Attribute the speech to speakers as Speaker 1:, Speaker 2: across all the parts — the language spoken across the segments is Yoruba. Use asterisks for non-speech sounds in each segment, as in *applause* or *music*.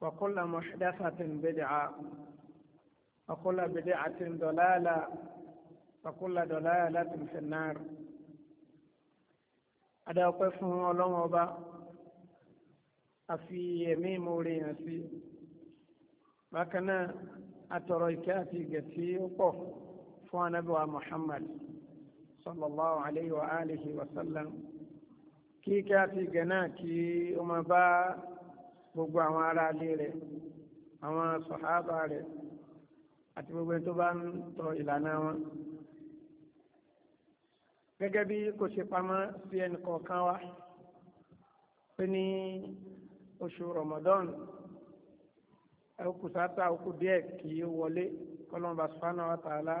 Speaker 1: وكل محدثة بدعة وكل بدعة ضلالة وكل ضلالة في النار adáwọ́pẹ́ fún ọlọ́run ọba àfi ẹ̀mí ìmoore yàn sí bákan náà atọrọ ìkẹ́ àti ìgẹ̀ tí ó pọ̀ fún anábíwá muhammad sallallahu alayhi wa alihi wa sallam kí ìkẹ́ àti ìgẹ̀ náà kí ó máa bá gbogbo àwọn ará ilé rẹ̀ àwọn sọ̀hábà rẹ̀ àti gbogbo ẹni tó bá ń tọ ìlànà wọn. gẹ́gẹ́ bí kò ṣe pamọ́ sí ẹnì kọ̀ọ̀kan wa pé ní oṣù Ramadan ẹkù sáta ọkù díẹ̀ kì í wọlé kọlọmọba sùfànà wa tààlà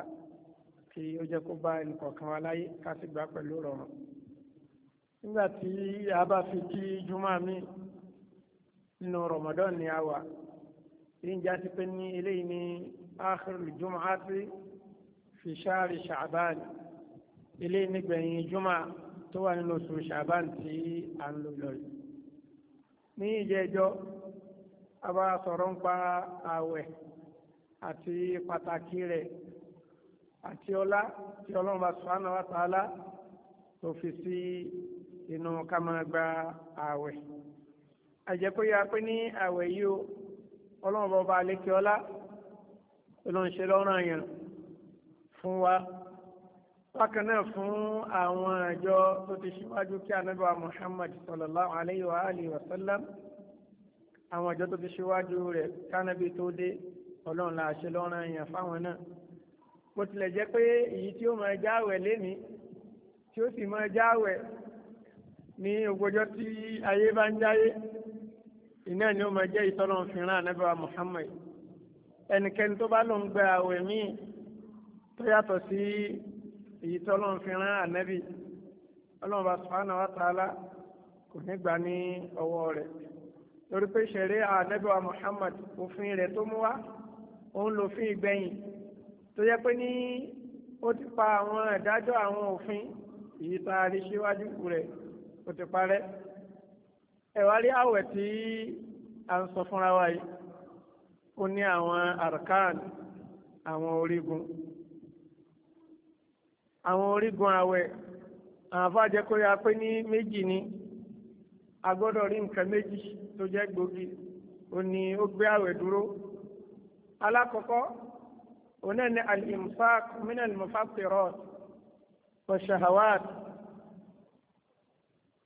Speaker 1: kì í ó jẹ kó bá ẹnìkọ̀ọ̀kan wa láyé ká sì gbà pẹ̀lú rọrùn. nígbà tí a bá fi kí júmọ́ mi nínú Ramadan ni a wà ìjà ti pé ní eléyìí ní áàkìrì jùmọ̀ àti fi ṣáàrì ṣàbán eléyìí nígbẹ̀yìn jùmọ̀ tó wà nínú oṣù ṣàbán tí a ń lò lọ yìí. ní ìjẹ́jọ́ a bá sọ̀rọ̀ ń pa ààwẹ̀ àti pàtàkì rẹ̀ àti ọlá tí ọlọ́run bá subhanahu wa ta'ala tó fi sí inú ká gba ààwẹ̀ àjẹkóyà pé ní àwẹ̀ yìí o ọlọ́run bọ́ba àlékè ọlá ọlọ́run ṣe lọ́rùn àyàn fún wa bákan náà fún àwọn àjọ tó ti ṣíwájú kí anábíwá Muhammad sallallahu alayhi wa alihi wa sallam àwọn àjọ tó ti ṣíwájú rẹ̀ kánábí tó dé ọlọ́run la ṣe lọ́rùn àyàn fáwọn náà bó tilẹ̀ jẹ́ pé èyí tí ó máa jáwẹ̀ lénìí tí ó sì máa jáwẹ̀ ní ogójọ́ tí ayé bá ń jáyé iná ni ó máa jẹ́ ìtọ́nà òfinran anábẹ́wà Muhammad ẹnikẹ́ni tó bá lòún gba àwẹ̀ míì tó yàtọ̀ sí èyí tó lòún òfinran anábì ọlọ́run bá subhanahu wa ta'ala kò ní gbà ní ọwọ́ rẹ̀ torí pé ṣẹ̀rí anábẹ́wà Muhammad òfin rẹ̀ tó mú wá òun lòfin ìgbẹ̀yìn tó yẹ pé ní ó ti pa àwọn ìdájọ́ àwọn òfin èyí tá rẹ̀ ó ti parẹ́ ẹ̀wá rí àwẹ̀ tí a ń sọ fúnra wa yìí ó ní àwọn arkan àwọn orígun àwọn orígun àwẹ̀ àwọn afáàjẹ kó yá pé ní méjì ni a gbọ́dọ̀ rí nǹkan méjì tó jẹ́ gbòógì ó ní ó gbé àwẹ̀ dúró alákọ̀ọ́kọ́ òun náà ní al-imsak min al-mufattirat wa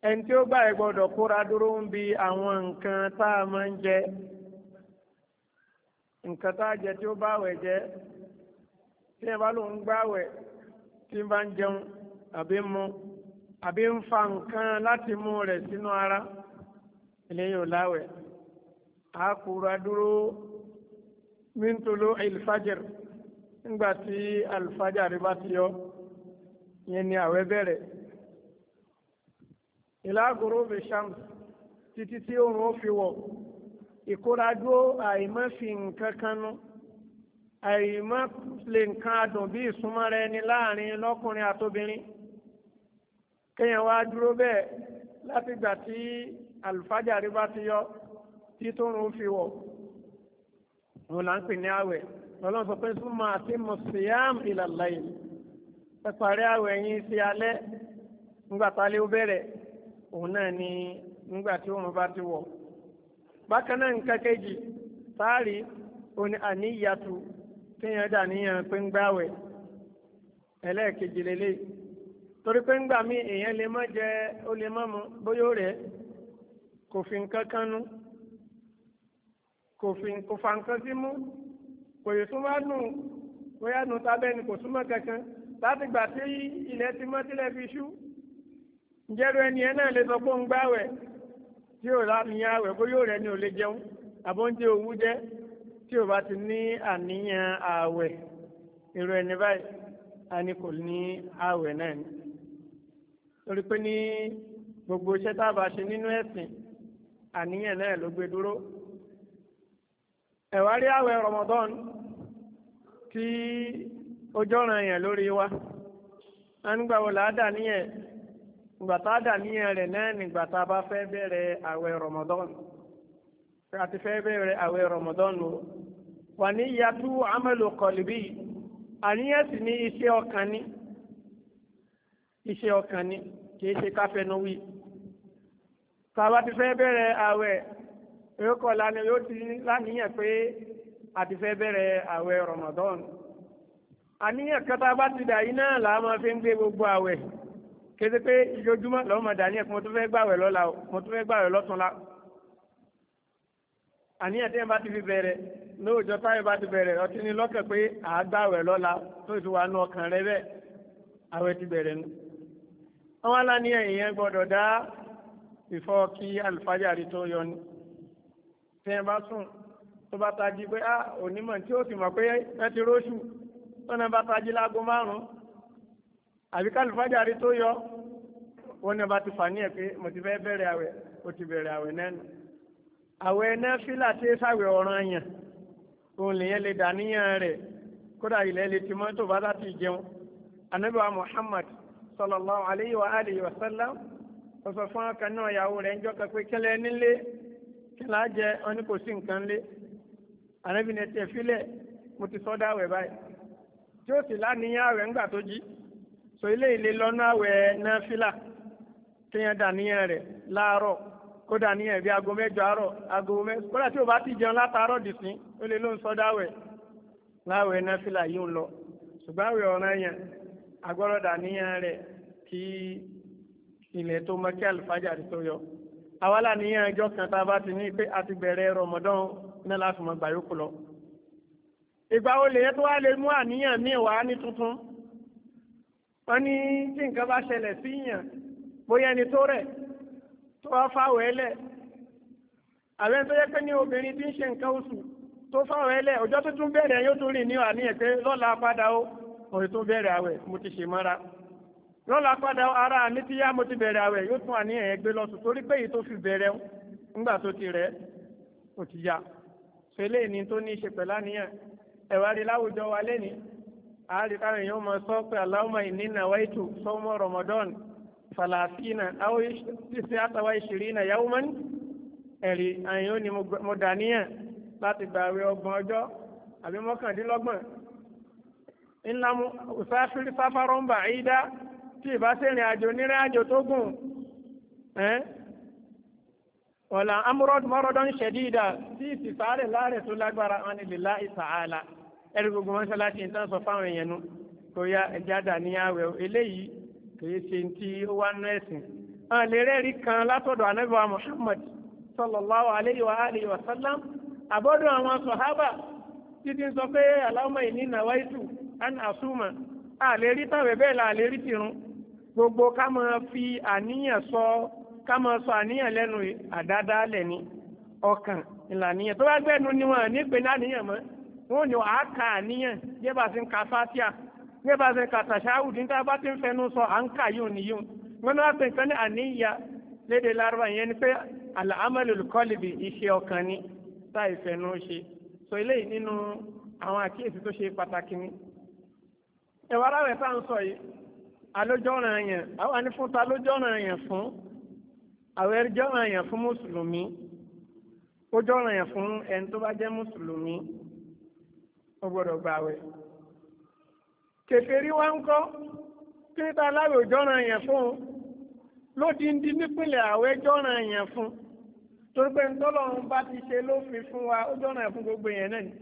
Speaker 1: ẹni tí ó gbà ẹ gbọ́dọ̀ kóra dúró ń bi àwọn nǹkan tá a máa ń jẹ nǹkan tá a jẹ tí ó bá àwẹ̀ jẹ tí ẹ bá lóun gbà àwẹ̀ tí ń bá ń jẹun àbí mu àbí ń fa nǹkan láti mú rẹ̀ sínú ara eléyìí ò láwẹ̀ á kóra dúró mintolo ilfajir nígbà tí alfajari bá ti yọ yẹn ni àwẹ̀ bẹ̀rẹ̀ ìlà gurubi shams títí tí òun ó fi wọ̀ ìkóradúró àìmọ́ fi nǹkan kan nu àìmọ́ lè nǹkan adùn bí ìsúnmọ́ rẹ ni láàrin lọ́kùnrin àtobìnrin kéèyàn wá dúró bẹ́ẹ̀ látìgbà tí àlùfájàrí bá ti yọ tí tó ń fi wọ̀ òun là ń pè ní àwẹ̀ lọ́lọ́run sọ pé súnmọ́ àti mùsíyàm ìlàlàyé ẹ parí àwẹ̀ yín sí alẹ́ ńgbà tá a bẹ̀rẹ̀ òun náà ni nígbà tí òun bá ti wọ̀ bákan náà nǹkan kejì táàrí òní àníyàtú téèyàn dà níyàn pé ń gbáwẹ̀ ẹlẹ́ẹ̀kejì lélẹ̀ torí pé ńgbà mí èèyàn lè má jẹ ó lè má mu bóyá ó rẹ̀ kò fi nǹkan kan nú kò fi kò fa nǹkan sí mú kò yẹ tó nù bóyá nù tábẹ́ni kò súnmọ́ kankan láti gbà tí ilẹ̀ ti mọ́ sílẹ̀ fi ṣú ǹjẹ́rú ẹni ẹ náà lè sọ pé ń gbáwẹ̀ tí ò láníyàn àwẹ̀ bó yóò rẹ̀ ni ò lè jẹun àbóúnjẹ òwú jẹ́ tí ò bá ti ní àníyàn àwẹ̀ irú ẹni báyìí a ní kò ní àwẹ̀ náà ni. torí pé ní gbogbo iṣẹ́ tá a bá ṣe nínú ẹ̀sìn àníyàn náà ló gbé dúró. ẹ̀wá rí àwẹ̀ Ramadan tí ojú ọ̀ràn yẹn lórí wa. a ń gbà wọ̀ láàdá níyẹn ìgbà tá a dà níyàn rẹ̀ náà nígbà tá bá fẹ́ bẹ̀rẹ̀ àwẹ̀ Ramadan a ti fẹ́ bẹ̀rẹ̀ àwẹ̀ Ramadan o wà ní yàtú amẹ́lò kọ̀lìbí àníyàn sì ní iṣẹ́ ọkàn ní iṣẹ́ ọkàn ní kìí ṣe káfẹ́nu wí tá a bá ti fẹ́ bẹ̀rẹ̀ àwẹ̀ yóò kọ́ lánàá yóò ti láníyàn pé a ti fẹ́ bẹ̀rẹ̀ àwẹ̀ Ramadan àníyàn kẹta bá ti dà yín náà làá fi ń gbé gbogbo àwẹ̀ kéde pé ìjojúmọ́ lọ́wọ́ máa dàní ẹ̀ mo tún fẹ́ gbàwẹ̀ lọ́la o mo tún fẹ́ gbàwẹ̀ lọ́túnla àníyàn tí ẹ bá ti fi bẹ̀rẹ̀ lóòjọ́ táyọ̀ bá ti bẹ̀rẹ̀ ọtí ni lọ́kàn pé à gbàwẹ̀ lọ́la tó ti wà ọkàn rẹ bẹ́ẹ̀ àwẹ̀ ti bẹ̀rẹ̀ nu. àwọn aláníyàn èèyàn gbọ́dọ̀ dá ìfọ́ kí àlùfájàrí tó yọ ni tí ẹ bá sùn tó bá tají pé ah onímọ̀ tí ó sì mọ̀ pé ẹ ti róṣù tó náà bá tají láago márùn-ún àbí kálífàjárì tó yọ wọn ní ọba ti fà ní ẹ pé mo ti fẹ́ bẹ̀rẹ̀ àwẹ̀ ó ti bẹ̀rẹ̀ àwẹ̀ nẹ́nu àwẹ̀ nẹ́fílà tí sáwẹ̀ ọ̀ràn yàn òun lèyẹn lè dàníyàn rẹ̀ kódà ilẹ̀ lè ti mọ́ bá láti jẹun anabiwa Muhammad sallallahu alayhi wa alihi wa sallam ọsọ fún akànnà ìyàwó rẹ̀ ń jọ́ka pé kẹlẹ́ nílé kẹlẹ́ àjẹ wọn ni kò sí nǹkan lé anabi ní ẹtẹ filẹ̀ mo ti sọ́dá àwẹ̀ báyìí tí ó sì láníyàn àwẹ̀ ńgbà tó jí so eléyìí lè lọ́nà àwẹ̀ náfìlà kéèyàn dàníyàn rẹ̀ láàárọ̀ kó dàníyàn bí aago mẹ́jọ àárọ̀ aago mẹ́jọ kódà tí o bá ti jẹun látàárọ̀ dìsín ó lè ló ń sọdá àwẹ̀ láwẹ̀ náfìlà yìí ń lọ ṣùgbọ́n àwẹ̀ ọ̀ràn yẹn agbọ́dọ̀ dàníyàn rẹ̀ kí ilẹ̀ tó mọ kí àlùfájàrí tó yọ àwa là níyàn kan tá a bá ti ní pé a ti bẹ̀rẹ̀ rọmọdán náà láti wọ́n ní tí nǹkan bá ṣẹlẹ̀ sí yàn bóyá ẹni tó rẹ̀ tó wá fáwọ̀ tó yẹ pé ní obìnrin tí ń ṣe nǹkan oṣù tó fáwọ̀ ọjọ́ tó tún bẹ̀rẹ̀ yóò tún rìn ní lọ́la padà ó tó bẹ̀rẹ̀ lọ́la padà ara mi ti yá mo yóò tún gbé torí pé tó fi bẹ̀rẹ̀ àárí táwọn èèyàn máa sọ pé aláwọ̀mọ̀ ìnínà wáìtù sọ́mọ́ ramadan falafina àwọn ìṣe àtàwà ìṣirí na yawman ẹ̀rí àyàn ni mo dàníyàn láti gbàwé ọgbọ̀n ọjọ́ àbí mọ́kàndínlọ́gbọ̀n ńlá mu òsáfírí sáfárọ́ ń bà í dá tí ìbá sẹ́rìn àjò nírìn àjò tó gùn ọ̀là amúrọ̀dùmọ́rọ̀dọ́ ń ṣẹ̀dí ìdá tí ìsìsáàrẹ̀ láàrẹ̀ tó lágbára wọn ni lè lá ẹ̀rí gbogbo mọ́ṣáláṣí ní tán sọ fáwọn èèyàn nu kò ya ẹja dà ní àwẹ̀ eléyìí kò yẹ ṣe ti ó wá nú ẹ̀sìn. àwọn lè rẹ́ẹ̀rí kan látọ̀dọ̀ anábì wa Muhammad sallallahu alayhi wa alihi wa sallam àbọ̀dọ̀ àwọn sọ̀hábà títí sọ pé Allahumma inni nawaitu an asuma àlérí tàwẹ̀ bẹ́ẹ̀ la àlérí tìrun gbogbo ká máa fi àníyàn sọ ká máa sọ àníyàn lẹ́nu àdáadáa lẹ̀ ni ọkàn ìlànìyàn tó bá gbẹ́nu ni wọn nípe wọ́n ní wàá ka àníyàn yẹ́ bá ti ń ka fatia yẹ́ bá ti ń ka tàṣáwùdì níta bá ti ń fẹnu sọ à ń kà yóò níyó wọn náà pè nǹkan ní àníyà léde lárúbá yẹn ni pé àlàámẹ́lò kọ́lìbì iṣẹ́ ọkàn ni tá ìfẹ́nu ṣe sọ eléyìí nínú àwọn àkíyèsí tó ṣe pàtàkì ni. ẹ̀wọ̀n ara tá à ń sọ yìí alójọ́ràn yẹn àwọn anífúnta lójọ́ràn yẹn fún àwọn ẹ̀rìjọ́ràn yẹn fún mùsùlùmí ó jọ́ràn yẹn fún ẹni tó bá jẹ́ mùsùlùmí ó gbọ́dọ̀ gbààwẹ̀ kèfèrí wa ń kọ́ kíríta aláwẹ̀ òjọ́ràn yẹn fún un lódìndí nípìnlẹ̀ àwẹ̀ jọ́ràn yẹn fún un torí pé ntọ́lọ́run bá ti ṣe lófin fún wa ó jọ́ràn yẹn fún gbogbo yẹn náà ni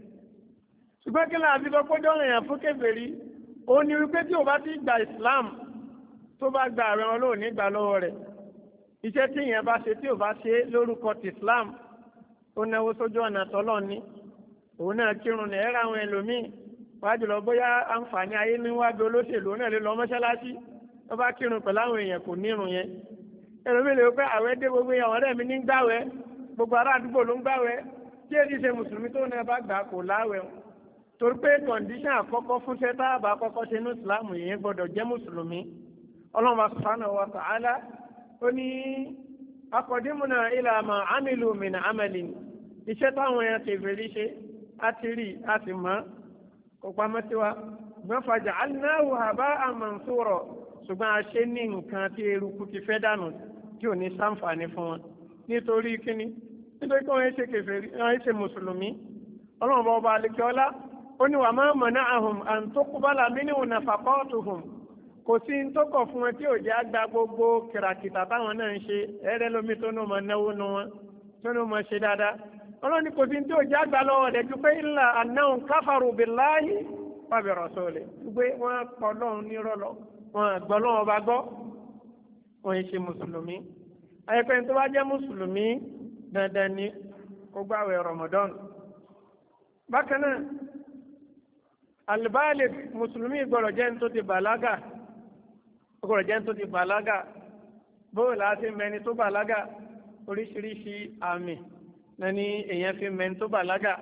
Speaker 1: ṣùgbọ́n kí láti sọ pé jọ́ràn yẹn fún kèfèrí ó ní wípé tí o bá ti gba Islam tó bá gba àwẹ̀ wọn lóò ní gbà lọ́wọ́ rẹ̀ iṣẹ́ tí yẹn bá ṣe tí o bá ṣe lórúkọ ti Islam ó náwó sójú ọ̀nà tọ́lọ́ ní òun náà kírun ní ẹ̀rọ àwọn ẹlòmíì wá jùlọ bóyá àǹfààní ayé ní wá bí olóṣèlú òun náà lè lọ mọ́ṣáláṣí wọ́n bá kírun pẹ̀lú àwọn èèyàn kò nírun yẹn ẹlòmíì lè pẹ́ àwẹ̀ dé gbogbo èèyàn ọ̀rẹ́ mi ní gbàwẹ̀ gbogbo ará àdúgbò ló ń gbàwẹ̀ tí èdè ṣe mùsùlùmí tó náà bá gbà kò láwẹ̀ torí pé kọ̀ǹdíṣàn àkọ́kọ́ fún sẹ́tà àkọ́kọ́ ṣe ní ìsìláàmù yẹn gbọ́dọ̀ jẹ́ mùsùlùmí ọlọ́run subhanahu wa ta'ala ó ní akọ̀dímùnà ìlànà àmìlú mìnà àmàlì iṣẹ́ táwọn èèyàn tèvèrí ṣe a ti rí a sì mọ́ kó pamọ́ sí wa gbọ́nfàjà aláwọ̀ àbá àmọ̀ǹsọ̀rọ̀ ṣùgbọ́n a ṣe ní nǹkan tí eruku ti fẹ́ dànù tí ò ní sáǹfààní fún wọn nítorí kíni nítorí pé wọ́n ṣe kèfèrí wọ́n ṣe mùsùlùmí ọlọ́run bá ọba àlejò ọlá ó ní wà máa mọ̀nà àhùn àǹtókùbálà mínú nàfàkọ́ọ̀tù hùn kò sí ní tó kọ̀ fún wọn tí ò jẹ́ àgbà gbogbo kìràkìtà táwọn náà ń ṣe ẹ̀rẹ́ lómi tó ní ọmọ náwó nu wọn tó ní ọmọ ṣe dáadáa ọlọ́ni kò sí ní tí ò jẹ́ àgbà lọ́wọ́ rẹ̀ ju pé illa annahum kafaru billahi wa bi rasulih gbé wọ́n pọ̀ lọ́run nírọ̀lọ́ wọn àgbọ̀ lọ́wọ́ bá gbọ́ wọn ṣe mùsùlùmí ayẹpẹ́ tó bá jẹ́ mùsùlùmí dandan ni kó gbàwẹ̀ Ramadan bákan náà alibali mùsùlùmí gbọ́dọ̀ jẹ́ ní tó ti bàlágà gbọ́dọ̀ jẹ́ ní tó ti bàlágà bóòlù àti mẹni tó bàlágà oríṣiríṣi àmì Nani èèyàn fi mẹ́ni tó bàlágà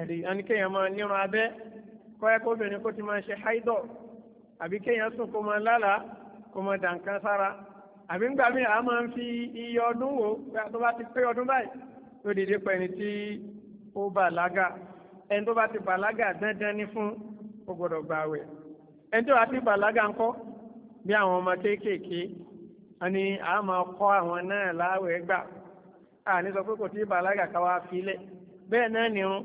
Speaker 1: ẹ̀rí ẹni kéèyàn máa nírun abẹ́ kọ́yẹ́ kóbìnrin kó ti máa ṣe háídọ̀ àbí kéèyàn sùn kó máa lálàá kó máa dànkan sára àbí ńgbà míì a máa ń fi iye ọdún wò tó bá ti pé ọdún báyìí tó dìde pẹ̀lú tí ó bàlágà ẹni tó bá ti bàlágà dandan ní fún ó gbọ́dọ̀ gbààwẹ̀ ẹni tó bá ti bàlágà ńkọ́ bí àwọn ọmọ kéékèèké wọn ni máa kọ́ àwọn náà láwẹ̀ gbà àní sọ pé kò tí ì bàlágà ká wá filẹ̀ bẹ́ẹ̀ náà ni irun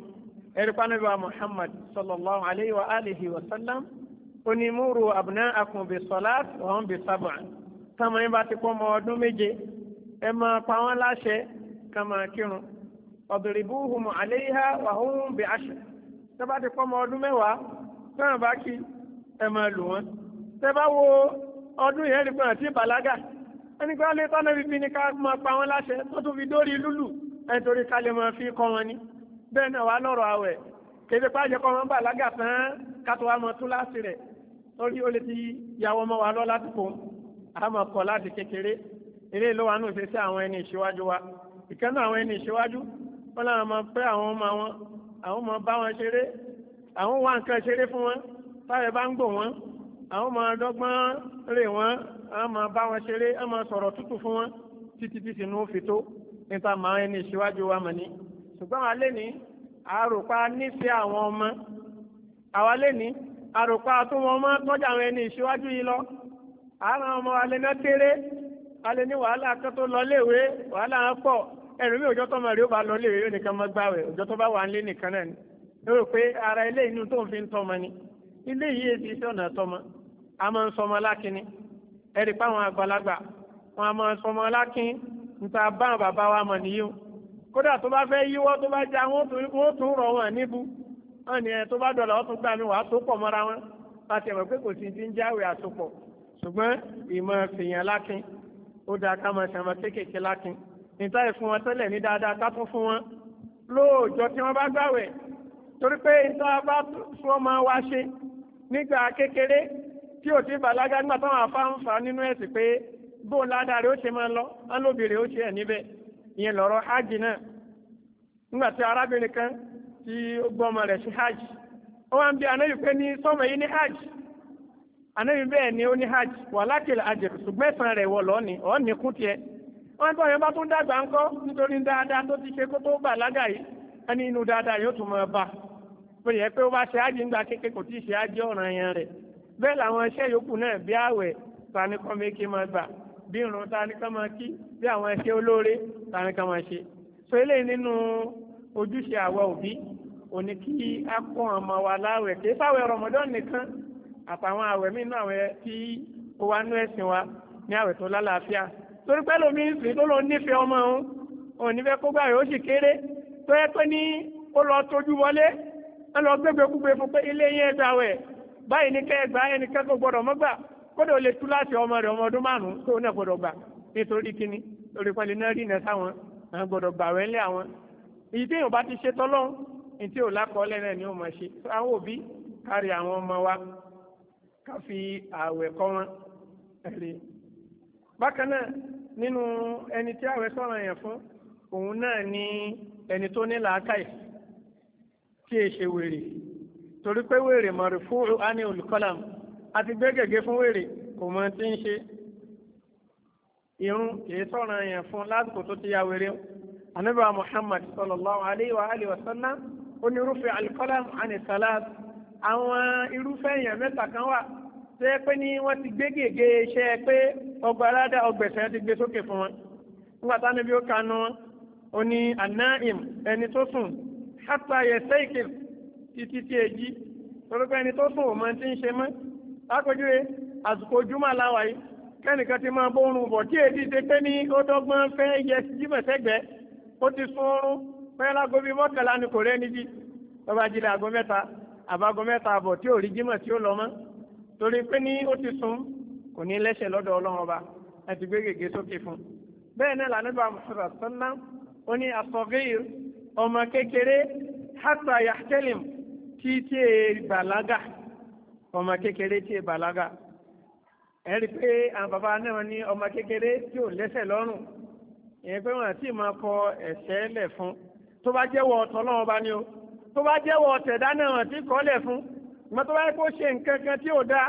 Speaker 1: ẹ̀rí pánàbí wa Muhammad sallallahu alayhi wa alihi wa sallam onímúru abnaakum bi salat wa hum bi sab'a táwọn bá ti pọ́ ọmọ ọdún méje ẹ máa pa wọ́n láṣẹ ká máa kírun ọ̀dùrìbúhùm àléhà wa hum bi àṣà tẹ́ bá ti pọ́ ọmọ ọdún mẹ́wàá tẹ́wọ̀n bá kí ẹ máa lù wọ́n tẹ́ bá wo ọdún yẹn rí pé àti bàlágà ẹni pé alẹ́ tọ́nà bíbí ni ká máa pa wọn láṣẹ wọ́n tún fi dórí lúlù ẹni torí ká lè máa fi kọ́ wọn ni bẹ́ẹ̀ náà wà lọ́rọ̀ àwẹ̀ kéde pàjẹ́ kọ́ wọn bà lágà tán kátó wa mọ̀ tún láti rẹ̀ torí ó lè ti yàwọ́ ọmọ wa lọ ládùúgbò àmọ́ kọ́ láti kékeré eré ló wà nù sí àwọn ẹni ìṣíwájú wa ìkànnì àwọn ẹni ìṣíwájú wọn làwọn máa pẹ́ àwọn ọmọ wọn àwọn máa bá wọn ṣeré àwọn wá nǹkan ṣeré fún wọn táyẹ̀ bá ń gbò wọn àwọn máa dọ́gbọ́n rè wọn a máa bá wọn ṣeré a máa sọ̀rọ̀ tútù fún wọn títí tí sinú fi tó níta máa ń ní ìṣíwájú wa mọ̀ ní. ṣùgbọ́n àwa lẹ́ni àròpá nífẹ̀ẹ́ àwọn ọmọ àwa lẹ́ni àròpá tó wọn mọ́ tọ́jú àwọn ẹni ìṣíwájú yìí lọ. àwọn ọmọ alẹ́ náà kéré alẹ́ ní wàhálà kan tó lọ léèwé wàhálà wọn pọ̀ ẹ̀rù mi òjò tó mọ̀ rí ó bá lọ léèwé yóò nìkan mọ́ gbàwẹ̀ òjò tó bá wà ń lé nìkan náà ni ó rò pé ara ilé inú tó ń fi ń tọmọ ni ilé yìí èsì iṣẹ́ ọ̀nà tọmọ a máa ń sọmọ lákínní ẹ̀rí páwọn àgbàlagbà wọn a máa sọmọ lákín níta báwọn bàbá wa mọ̀ nìyí o kódà tó bá fẹ́ yíwọ́ tó bá já wọn tún rọ̀ wọn níbu wọn ni ẹ tó bá dọ̀là wọn tún gbà mí wàá tó pọ̀ mọ́ra wọn láti ẹ̀mọ̀ pé kò sí ti ń jáwé àsopọ̀ ṣùgbọ́n ìmọ̀ fìyàn lákín ó dáa ká máa ṣàmọ̀ kéékèèké lákín níta ìfún wọn tẹ́lẹ̀ ní dáadáa ká tún fún wọn lóòjọ́ tí wọ́n bá gbàwẹ̀ torí pé níta bá fún ọmọ wa ṣe nígbà kékeré tí ò ti bàlágà nígbà táwọn afáǹfà nínú ẹ̀sìn pé bóun ládàá rẹ̀ ó ṣe máa lọ alóbìnrin ó ṣe ẹ̀ níbẹ̀ ìyẹn lọ́rọ̀ hajj náà nígbà tí arábìnrin kan tí ó gbọ́ ọmọ rẹ̀ ṣe hajj ó wá ń bí anábì pé ní sọ́mọ yìí ní hajj bẹ́ẹ̀ ni ó ní hajj wà ṣùgbọ́n ẹ̀sán rẹ̀ wọ̀ kú tiẹ̀ wọ́n bẹ́ẹ̀ làwọn iṣẹ́ yòókù náà bí àwẹ̀ tanikọ́ méjì máa gbà bí irun tanikọ́ máa kí bí àwọn iṣẹ́ olóore tanikọ́ máa ṣe so eléyìí nínú ojúṣe àwa òbí òní kí a kọ́ ọmọ wa láwẹ̀ kì í sáwẹ̀ rọmọdán nìkan àtàwọn àwẹ̀ mí inú àwẹ̀ tí ó wá nú ẹ̀sìn wa ní àwẹ̀ tó lálàáfíà torí pẹ́ lómi ń sìn tó lọ nífẹ̀ẹ́ ọmọ òun òun nífẹ̀ẹ́ kó gbà yóò sì kéré tó yẹ pé ní ó lọ tójú wọlé ẹ lọ gbégbé kúgbé fún pé ilé yẹn gbà báyìí ní kẹ́ẹ̀gbá ẹnìkan kò gbọ́dọ̀ mọ́gbà kódà ó lè tú láti ọmọ rẹ̀ ọmọ ọdún márùn-ún tó náà gbọ́dọ̀ gbà nítorí kíní lórí pẹ́lú náà rí nẹ́sà wọn àwọn gbọ́dọ̀ gbà wẹ́ lé àwọn. èyí tí yóò bá ti ṣe tọ́lọ́ ní tí ò lákọọ́lẹ̀ náà ni ó máa ṣe àwọn òbí kárí àwọn ọmọ wa ká fi ààwẹ̀ kọ́ wọn bákan náà nínú ẹni tí ààwẹ̀ sọ̀rọ̀ yẹn fún òun náà ni ẹni tó ní làákàyè tí è wèrè torí pé wèrè mọ̀rìfúù ani olùkọ́làm àti gbé gègé fún wèrè kò mọ tí ń ṣe irun kìí sọ̀rọ̀ yẹn fún lásìkò tó ti ya wèrè ànábì muhammad sallallahu alayhi wa alihi wa sallam onírúfẹ́ alukọ́làm ani salat àwọn irúfẹ́ yẹn mẹ́ta kan wà tó pé ní wọ́n ti gbé gègé iṣẹ́ pé ọgbà aládà ọgbẹ̀sẹ̀ ti gbé sókè fún wọn nígbà táwọn ibi ó kanu wọn ó anáìm ẹni tó sùn hátà yẹ sẹ́yìkìlì títí tí èjì torí pé ẹni tó sùn ò mọ ti ń ṣe mọ́ lákòjúwe àsìkò júmọ̀ láwa yìí kẹ́nìkan ti máa bórun bọ̀ tí èdè ṣe pé ní ó dọ́gbọ́n fẹ́ yẹ jímọ̀ ó ti sun oorun pẹ́ lágo bíi ni kò rẹ́ni jí lọ́ba jí lẹ́ aago mẹ́ta àbágo mẹ́ta àbọ̀ tí ò rí jímọ̀ tí ó lọ mọ́ torí pé ní ó ti sun kò ní lẹ́sẹ̀ lọ́dọ̀ ọlọ́run ọba àti gbé gègé sókè fún un náà lànàbà mùsùlùmí ó ní asọ̀gẹ́yì ọmọ kékeré hàtà yàtẹ́lìm tí tí e bàlágà ọmọ kékeré tí e bàlágà ẹ rí i pé àwọn bàbá náà ní ọmọ kékeré tí ò lẹ́sẹ̀ lọ́rùn ìyẹn pé wọn àti máa kọ ẹ̀sẹ̀ lẹ̀ fún tó bá jẹ́wọ́ ọ̀tọ̀ náà bá ní o tó bá jẹ́wọ́ ọ̀tẹ̀dá náà àti kọ́lẹ̀ fún ìgbà tó bá yẹ kó ṣe nǹkan kan tí ò dáa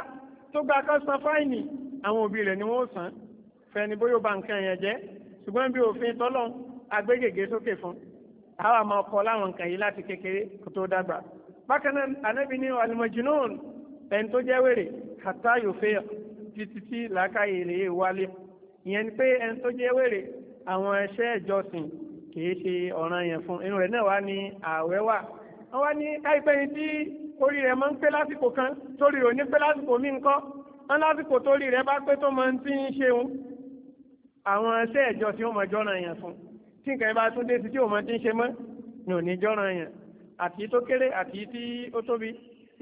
Speaker 1: tó gba kó san fáìnì àwọn òbí rẹ̀ ni wọ́n san fẹ́ni bóyá ó ba nǹkan yẹn jẹ́ ṣùgbọ́n bí òfin tọ́lọ́ agbégègé sókè fún àwa máa kọ láwọn nǹkan yìí láti kékeré kó tó dàgbà bákan náà anábì ní alimajinun ẹni tó jẹ́ wèrè kàtá yòfẹ́ títí tí làákàyè rè é wálé ìyẹn ni pé ẹni tó jẹ́ wèrè àwọn ẹṣẹ́ ìjọsìn kìí ṣe ọ̀ràn yẹn fún inú rẹ̀ náà wá ní ààwẹ̀ wà wọ́n wá ní káìpẹ́ ni tí orí rẹ̀ máa ń pé lásìkò kan torí rẹ̀ ò ní pé lásìkò míì ńkọ́ wọ́n lásìkò torí rẹ̀ bá pé tó máa ń tí ń ṣeun àwọn ẹṣẹ́ ìjọsìn ó máa jọ́ràn yẹn fún tí nǹkan bá tún dé sí tí ò máa ti ń ṣe mọ́ ni ò ní jọ́ràn yẹn àti tó kéré àti tí ó tóbi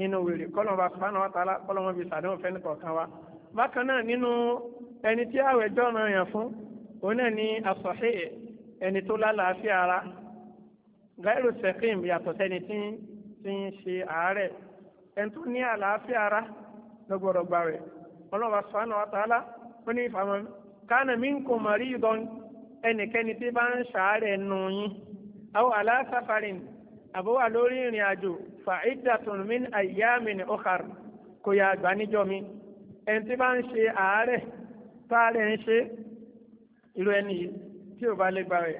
Speaker 1: nínú wèrè kọ́lọ́mọba subhanahu wa ta'ala kọ́lọ́mọ bíi sàdéhùn fẹ́ni kọ̀ọ̀kan wa. bákan náà nínú ẹni tí àwẹ̀ jọ̀nà yàn fún òun náà ní asọ̀hí ẹni tó lálàáfíà ara gáírù sẹ́kìm yàtọ̀ sẹ́ni tí ń ṣe àárẹ̀ ẹni tó ní àlàáfíà ara lọ́gbọ̀dọ̀ gbà rẹ̀ ọlọ́wà wa ta'ala ó ní ìfàmọ́ kánà minkum maridun ẹnikẹ́ni tí bá ń ṣàárẹ̀ nù yín aw ala safarin àbówà lórí ìrìn àjò fa'iddatun min ayyamin ukhar kò yà àgbà níjọ́ mi ẹni tí bá ń ṣe àárẹ̀ táàrẹ̀ ń ṣe irú ẹni yìí tí ò bá lè gba rẹ̀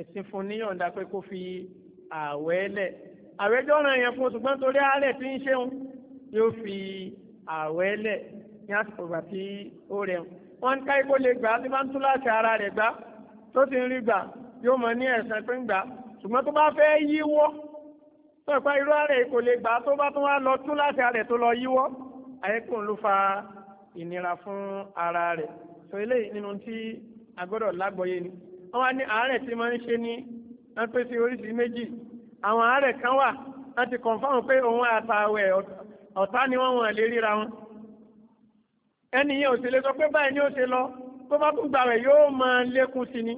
Speaker 1: ẹ̀sìn fún níyọ̀ǹda pé kó fi ààwẹ̀ lẹ̀ àwẹ̀jọ́ ràn yẹn fún ṣùgbọ́n torí àárẹ̀ tí ń ṣeun yóò fi ààwẹ̀ lẹ̀ ní àsìkò ìgbà tí ó rẹ̀ wọ́n ń ká ikó lè gbà tí bá ń tú láti ara rẹ̀ gbà tó ti ń rí gbà yóò mọ ní ẹ̀sán pé ń gbà ṣùgbọ́n tó bá fẹ́ yíwọ́ pẹ̀pẹ́ irú ààrẹ kò lè gbà tó bá tún wá lọ tún láti ààrẹ tó lọ yíwọ́ àyẹ̀kùn ló fa ìnira fún ara rẹ̀ sọ eléyìí nínú tí a gbọ́dọ̀ lágbọ́yé ni wọ́n wá ní ààrẹ tí máa ń ṣe ní wọ́n pèsè oríṣi méjì àwọn ààrẹ kan wà wọ́n ti kọ̀ǹfàmù pé òun àtàwẹ̀ ọ̀tá ni wọ́n wọ̀n lè ríra wọn ẹni yẹn ò sì lè sọ pé báyìí ni ó ṣe lọ tó bá tún gbà rẹ̀ yóò máa lékún sí ni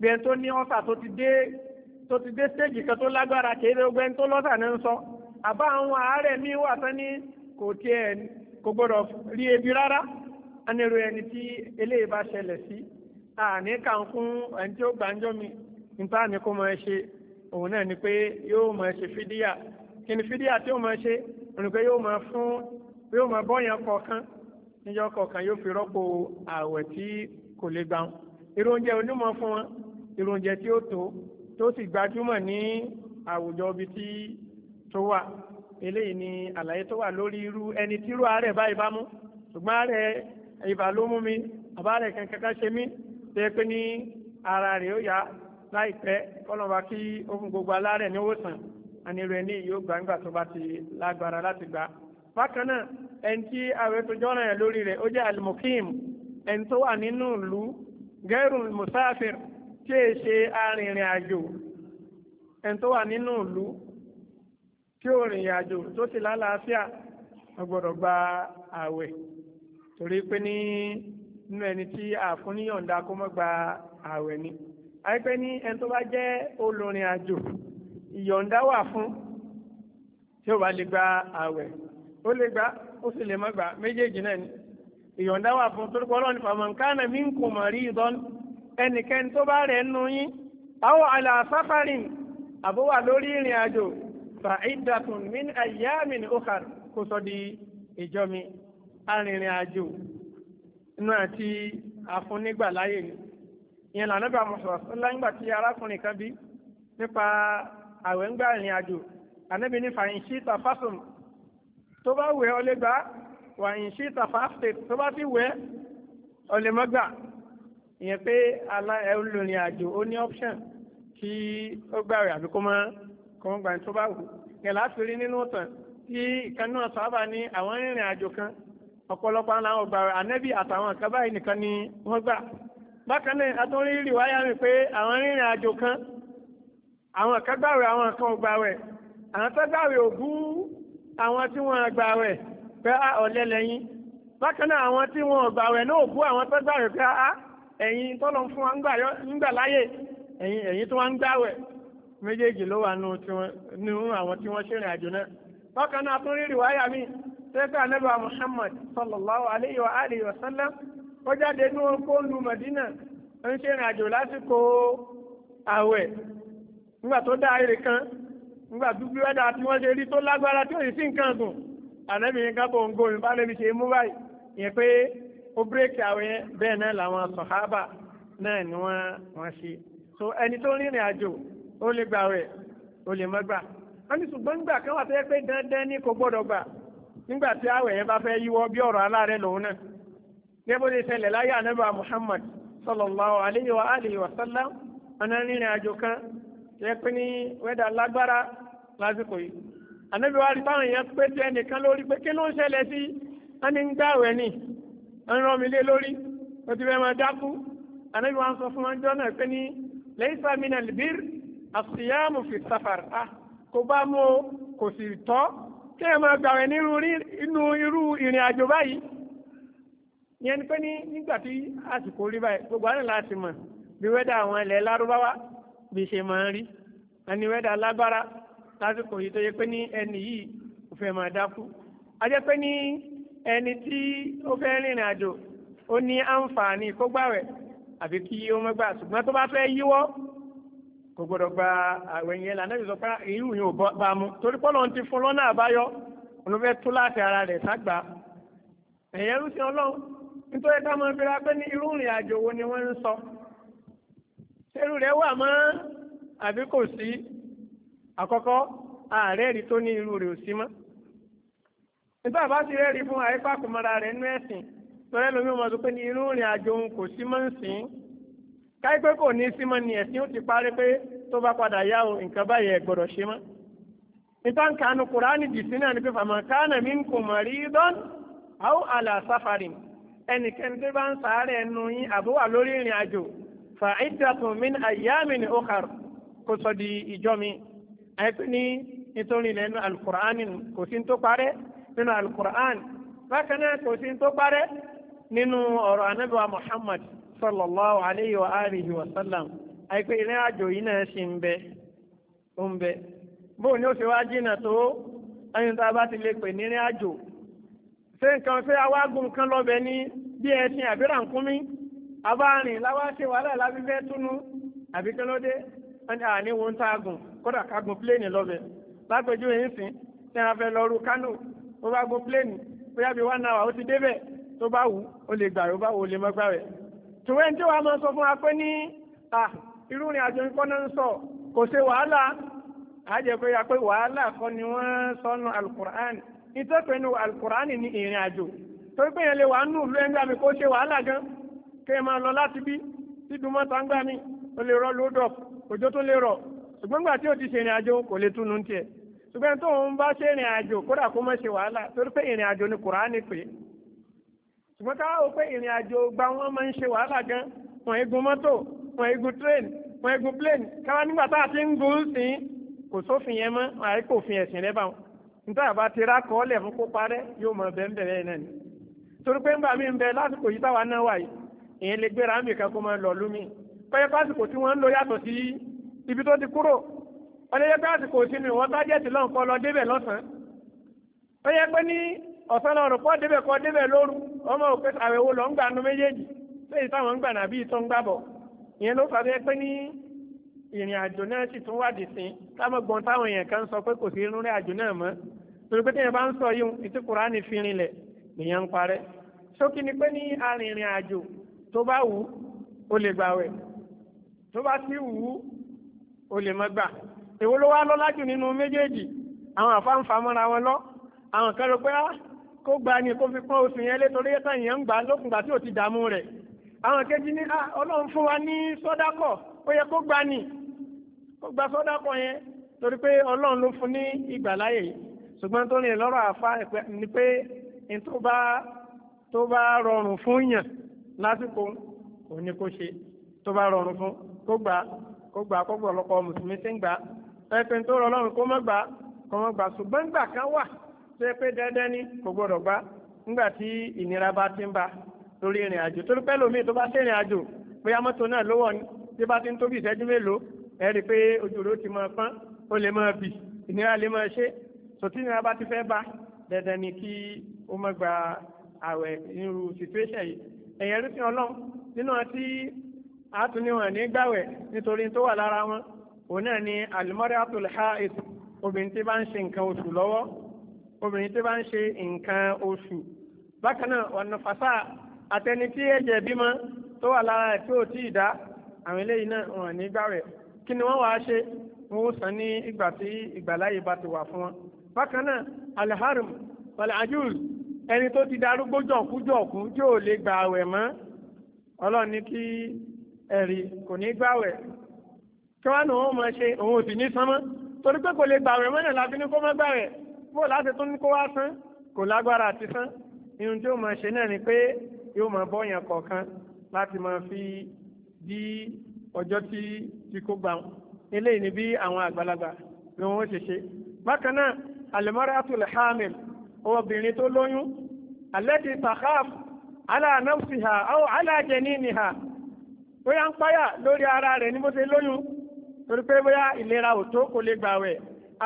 Speaker 1: bí ẹni tó ní ọ̀sà tó ti dé tó ti dé stéèjì kan tó lágbára kéde ogbẹ́ni tó lọ́sà ní ń sọ àbá àwọn àárẹ̀ mi wà tán ní kò tiẹ̀ kò gbọ́dọ̀ rí ebi rárá anirú ẹni tí eléyìí bá ṣẹlẹ̀ sí àní kàn fún ẹni tí ó gbàǹjọ́ mi nípa àní kó mọ ẹ ṣe òun náà ni pé yóò mọ ẹ ṣe fídíà kí ni fídíà tí ó mọ ẹ ṣe òun pé yóò mọ fún yóò mọ bọ́yàn kọ̀ọ̀kan níjọ́ kọ̀ọ̀kan yóò fi rọ́pò ààwẹ̀ tí kò lè gbà wọn irú oúnjẹ onímọ̀ fún wọn irú oúnjẹ tí ó tó tó sì gbajúmọ̀ ní àwùjọ ibi tí tó wà eléyìí ni àlàyé tó wà lórí irú ẹni tí irú àárẹ̀ báyìí bá mú ṣùgbọ́n àárẹ̀ ibà ló mú mi àbárẹ̀ kankan ká ṣe mí tó yẹ pé ní ara rẹ̀ ó yá láìpẹ́ kọ́lọ́ba kí ohun gbogbo alárẹ̀ ní wòsàn anirú ẹni yóò gbà ńgbà tó bá ti lágbára láti gbà. bákan náà ẹni tí àwẹ̀ tó jọ́ra yẹn lórí rẹ̀ ó jẹ́ alimokim ẹni tó wà nínú ìlú gẹ́rù musafir tí è ṣe arìnrìn àjò ẹni tó wà nínú ìlú tí ò rìnrìn àjò tó ti lálàáfíà wọn gba àwẹ̀ torí pé ní nínú ẹni tí àfúníyọ̀ǹda kó mọ́ gba àwẹ̀ ni àìpẹ́ ní ẹni tó bá jẹ́ olùrìn àjò ìyọ̀ǹda wà fún tí ó bá lè gba àwẹ̀ ó lè gba ó sì lè má gba méjèèjì náà ni ìyọ̀ǹda wà fún torí pé ọlọ́run fàmọ́ nǹkan náà mí ń kò mọ̀ rí ìdán ẹnikẹ́ni tó bá rẹ̀ nù yín àwọn àlàáfáfárìn àbúwà lórí ìrìn àjò fàídàtún min ayyamin ukhar kó sọ di ìjọ mi arìnrìn àjò inú àti àfúnnígbàláyè ni ìyẹn lànà bá mọ̀ sọ̀rọ̀ sọ́lá nígbà tí arákùnrin kan bí nípa àwẹ̀ ń gbà ìrìn àjò ànábi ní fàyìnṣí tàfásùn tó bá wẹ̀ ọ lè gbà wàyìnṣí tàfásùn tó bá ti wẹ̀ ọ lè mọ́ gbà ìyẹn pé olùrìn àjò ó ní option kí ó gbààwẹ̀ àbí kó má kó má gbààwẹ̀ tó bá wù yẹn láti rí nínú ìtàn tí ìkan náà sábà ní àwọn ìrìn àjò kan ọ̀pọ̀lọpọ̀ àwọn àwọn gbààwẹ̀ ànẹ́bí àtàwọn kan báyìí nìkan ni wọ́n gbà bákan náà atúnrí rìwáyà mi pé àwọn ìrìn àjò kan àwọn kan gbààwẹ̀ àwọn kan ò gbààwẹ̀ àwọn tó gbààwẹ̀ ò bú àwọn tí wọ́n gbààwẹ̀ pé ah, ọ̀lẹ lẹ́yìn bákan náà àwọn tí wọ́n gbààwẹ̀ náà ò bú àwọn tó gbààwẹ̀ pé á ah, ah, ẹ̀yin tọ́lọ̀ ń fún wa ńgbà láyè ẹ̀yin ẹ̀yin tó wá ń gbáwẹ̀ méjèèjì ló wà nínú àwọn tí wọ́n ṣèrìn àjò náà bákan náà tún rí rìwáyà mi sẹ́kà anábà Muhammad sallallahu alayhi wa alihi wa sallam ó jáde ní wọn kó lu Madina ń ṣèrìn àjò lásìkò àwẹ̀ nígbà tó dá ire kan nígbà dúdú ẹ̀dá tí wọ́n ṣe rí tó lágbára tí ò sì sí nǹkan ó bírèkì àwẹ̀ yẹn bẹ́ẹ̀ náà làwọn sọ̀hábà náà ni wọ́n wọ́n ṣe so ẹni tó rìnrìn àjò ó lè gbà wẹ̀ ó lè má gbà wọ́n ní ṣùgbọ́n nígbà kan wà tó yẹ pé dandan ní kò gbọ́dọ̀ gbà nígbà tí àwẹ̀ yẹn bá fẹ́ yíwọ́ bí ọ̀rọ̀ aláàrẹ̀ lòun náà gẹ́gbó lè ṣẹlẹ̀ láyé ànábà Muhammad sallallahu alayhi wa alihi wa sallam ọ̀nà rìnrìn àjò kan tó yẹ pé ní wẹ́dà lágbára lásìkò yìí ànábì wa rí báwọn èèyàn pé tí ẹnìkan lórí pé kí ló ń ṣẹlẹ̀ sí wọ́n ní ń gbàwẹ̀ ni ń rán mi lé lórí mo ti fẹ́ máa dákú ànábì wa ń sọ fún ọjọ́ náà pé ní lẹ́yìn sàmìnà libir àṣìyàmù fi safar ah kò bá mo kò sì tọ́ kí ẹ máa gbàwẹ̀ nínú irú ìrìn àjò báyìí yẹn ni pé ní nígbà tí àsìkò rí báyìí gbogbo àná láti mọ̀ bí wẹ́dà àwọn ilẹ̀ lárúbáwá bí ṣe máa ń rí ẹni wẹ́dà lágbára lásìkò yìí tó yẹ pé ní ẹni yìí kò fẹ́ máa dákú a jẹ́ pé ní. ẹni tí ó fẹ́ rìnrìn àjò ó ní àǹfààní kó gbàwẹ̀ àfi kí ó má gbà ṣùgbọ́n tó bá fẹ́ yíwọ́ kò gbọdọ̀ gba àwẹ̀ yẹn lànà ìsọ pé irú yẹn ò bá mu torí pọ́lọ́ ti fún lọ́nà àbáyọ òun fẹ́ tú láti ara rẹ̀ ẹ̀yẹ́ ọlọ́run nítorí ká fira pé ní irú àjò wo ni wọ́n ń sọ ṣerú rẹ̀ wà mọ́ àbí kò sí àkọ́kọ́ ààrẹ rí tó ní irú rẹ̀ ò sí mọ́. nígbà bá ti rẹ́ẹ̀rí fún àyíká kùmọ̀ra rẹ̀ nínú ẹ̀sìn lọ́rẹ́ lómi ọmọ tó pé ní irú ìrìn àjò òun kò sí mọ́ ń sìn káyí pé kò ní sí ni ẹ̀sìn ó ti parí pé tó bá padà yá o nǹkan báyìí ẹ̀ gbọ́dọ̀ ṣe mọ́. nípa nǹkan àánú kùránì jì sí náà ni pé fàmà kánà mi ń kò mọ̀ rí dán àó àlà sáfàrì ẹnikẹ́ni tó bá ń sàárẹ̀ ẹnu yín àbó wà lórí ìrìn àjò fà ìdàtún mi nínú alukur'an bákan náà kò sí tó parẹ́ nínú ọ̀rọ̀ muhammad sallallahu alayhi wa alihi wa sallam àìpé ilé àjò yìí náà ṣì ń bẹ ń bẹ bóun ni ó fi wá jìnnà tó ẹyin tá a ti lè pè ní ilé àjò ṣé nǹkan ṣé kan lọ́bẹ̀ ní bí ẹṣin àbí rànkúnmí abáàrin láwá ṣe wàhálà lábíbẹ́ túnú àbí kí ló dé bó bá gun pléènì bóyá bíi one hour ó ti débẹ̀ tó bá wù ó lè gbà ó bá wù ó lè má gbà rẹ̀. tòwé ní tí wàá máa sọ fún wa pé ní irú ìrìn àjò nǹkan náà ń sọ kò ṣe wàhálà àjẹpẹ́ ya pé wàhálà kọ́ ni wọ́n sọnù alukur'an ìtọ́pẹ́ nu alukur'an ní ìrìn àjò torí pé yẹn lè wà nù lóyún gbà mí kó ṣe wàhálà gan kẹ́ ẹ máa lọ láti bí síbi mọ́ta ń gbà mí ó lè rọ lódọ̀ òjò tó lè rọ̀ ṣùgbọ́n gbà tí ó ti ṣe ìrìn àjò kò lè túnú tiẹ̀ ṣùgbọ́n tó ń bá ṣe ìrìn àjò kódà kó má ṣe wàhálà torí pé ìrìn àjò ni kùránì pé ṣùgbọ́n ká ó pé ìrìn àjò gba wọn máa ń ṣe wàhálà gan wọn egun mọ́tò wọn egun train wọn egun plane káwá nígbà tá a ti ń gun sí kò sófin yẹn mọ́ àyè kò fin ẹ̀sìn rẹ bá wọn àbá ti rà kọ́ lẹ̀ fún kó parẹ́ yóò mọ bẹ́ẹ̀ bẹ́ẹ̀ náà ni torí pé ńgbà mi ń bẹ lásìkò yìí táwa náà wà yìí èèyàn lè gbéra ń bì kan kó máa lọ lómi pẹ́ẹ́ pásìkò tí wọ́n ń lò yàtọ̀ sí ibi tó ti kúrò ó lè jẹ́ pé àsìkò òsínú ìwọ́n tájẹ́tì lọ́n kọ́ lọ débẹ̀ lọ́sàn-án ó yẹ pé ní ọ̀sán lọ́rùn kọ́ débẹ̀ kọ́ débẹ̀ lóru ọmọ òpè àwẹ̀ wo lọ́ ń gbà nu méjèèjì lẹ́yìn táwọn ń gbà nàbí ìtọ́ ń gbàbọ̀ ìyẹn ló fà bẹ́ẹ̀ pé ní ìrìn àjò náà sì tún wádìí sí táwọn gbọ́n táwọn èèyàn kan sọ pé kò sí irun rẹ̀ àjò náà mọ́ torí pé téèyàn bá ń sọ yìí ìtí kùránì fi rinlẹ̀ nìyẹn ń parẹ́ ṣókí ni pé ní arìnrìn àjò tó bá wù ú ó lè gbàwẹ̀ tó bá sì wù ú ó lè má gbà èwo ló wá lọ́lá jù nínú méjèèjì àwọn àfáǹfà mọ́ra wọn lọ àwọn kan rò pé á ah, kó gba ni kó fi pọ́n oṣù yẹn lé torí ẹ̀ta yẹn ń gbà lókun gbà tí ò ti dààmú rẹ̀ àwọn kejì ní á ah, ọlọ́run fún wa ní sọ́dákọ̀ ó yẹ kó gba ni kó gba sọ́dákọ̀ yẹn torí pé ọlọ́run ló fún ní ìgbàláyè yìí ṣùgbọ́n tó rìn lọ́rọ̀ àfa ni pé n tó bá tó bá rọrùn fún yàn lásìkò òní kó ṣe tó bá rọrùn fún kó gbà kó gbà kó gbà ọ̀pọ̀lọpọ̀ mùsùlùmí ti ń gbà ẹ̀pẹ̀ tó rọ ọlọ́run kó mọ́ gbà kó mọ́ gbà ṣùgbọ́n gbà kan wà tó pé dandan ni kò gbọdọ̀ gbà nígbà tí ìnira bá ti ń ba lórí ìrìn àjò torí pẹ́ lómi tó bá sẹ́rìn àjò bóyá mọ́tò náà lówó ni tí bá ti ń tóbi ìṣẹ́jú mélòó ẹ rí i pé ojú rẹ ó ti máa pọ́n ó lè máa bì ìnira lè máa ṣe sòtí ìnira bá ti fẹ́ ba dandan ni kí ó mọ́ gba àwẹ̀ irú situation yìí ẹ̀yẹ́rú sí ọlọ́run òun náà ni al-mar'atul ha'id obìnrin tí bá ń ṣe nǹkan oṣù lọ́wọ́ obìnrin tí bá ń ṣe nǹkan oṣù bákan náà ọ̀nà fàṣà àtẹni tí ẹ̀jẹ̀ bímọ tó wà lára ẹ̀ tí ò tí ì dá àwọn eléyìí náà wọn ní gbà rẹ̀ kí ni wọ́n wàá ṣe wọn ó ní ìgbà tí ìgbàláyè bá ti wà fún wọn. bákan náà al-harim ẹni tó ti darúgbó jọ̀kú jọ̀kú tí ò lè gbà wẹ̀ mọ́ ọlọ́run kí ẹ̀rí kò ní gbà wẹ̀ kí wọ́n náà wọ́n máa ṣe òun ò sì ní sánmọ́ torí pé kò lè gbàwẹ̀ mọ́nà láti ní kó má gbàwẹ̀ bó láti tún ní kó wá sán kò lágbára àti sán irun tí ó máa ṣe náà ni pé yóò máa bọ́yàn kọ̀ọ̀kan láti máa fi di ọjọ́ tí tí kò gbà wọn eléyìí ni bí àwọn àgbàlagbà ni wọ́n ṣe ṣe bákan náà alimaratul hamil obìnrin tó lóyún alẹ́dì takhaf aláàánáfìhà àwọn aláàjẹníìníhà bóyá ń páyà lórí ara rẹ̀ ní bó ṣe lóyún torí pé bóyá ìlera ò tó kò lè gbàwẹ̀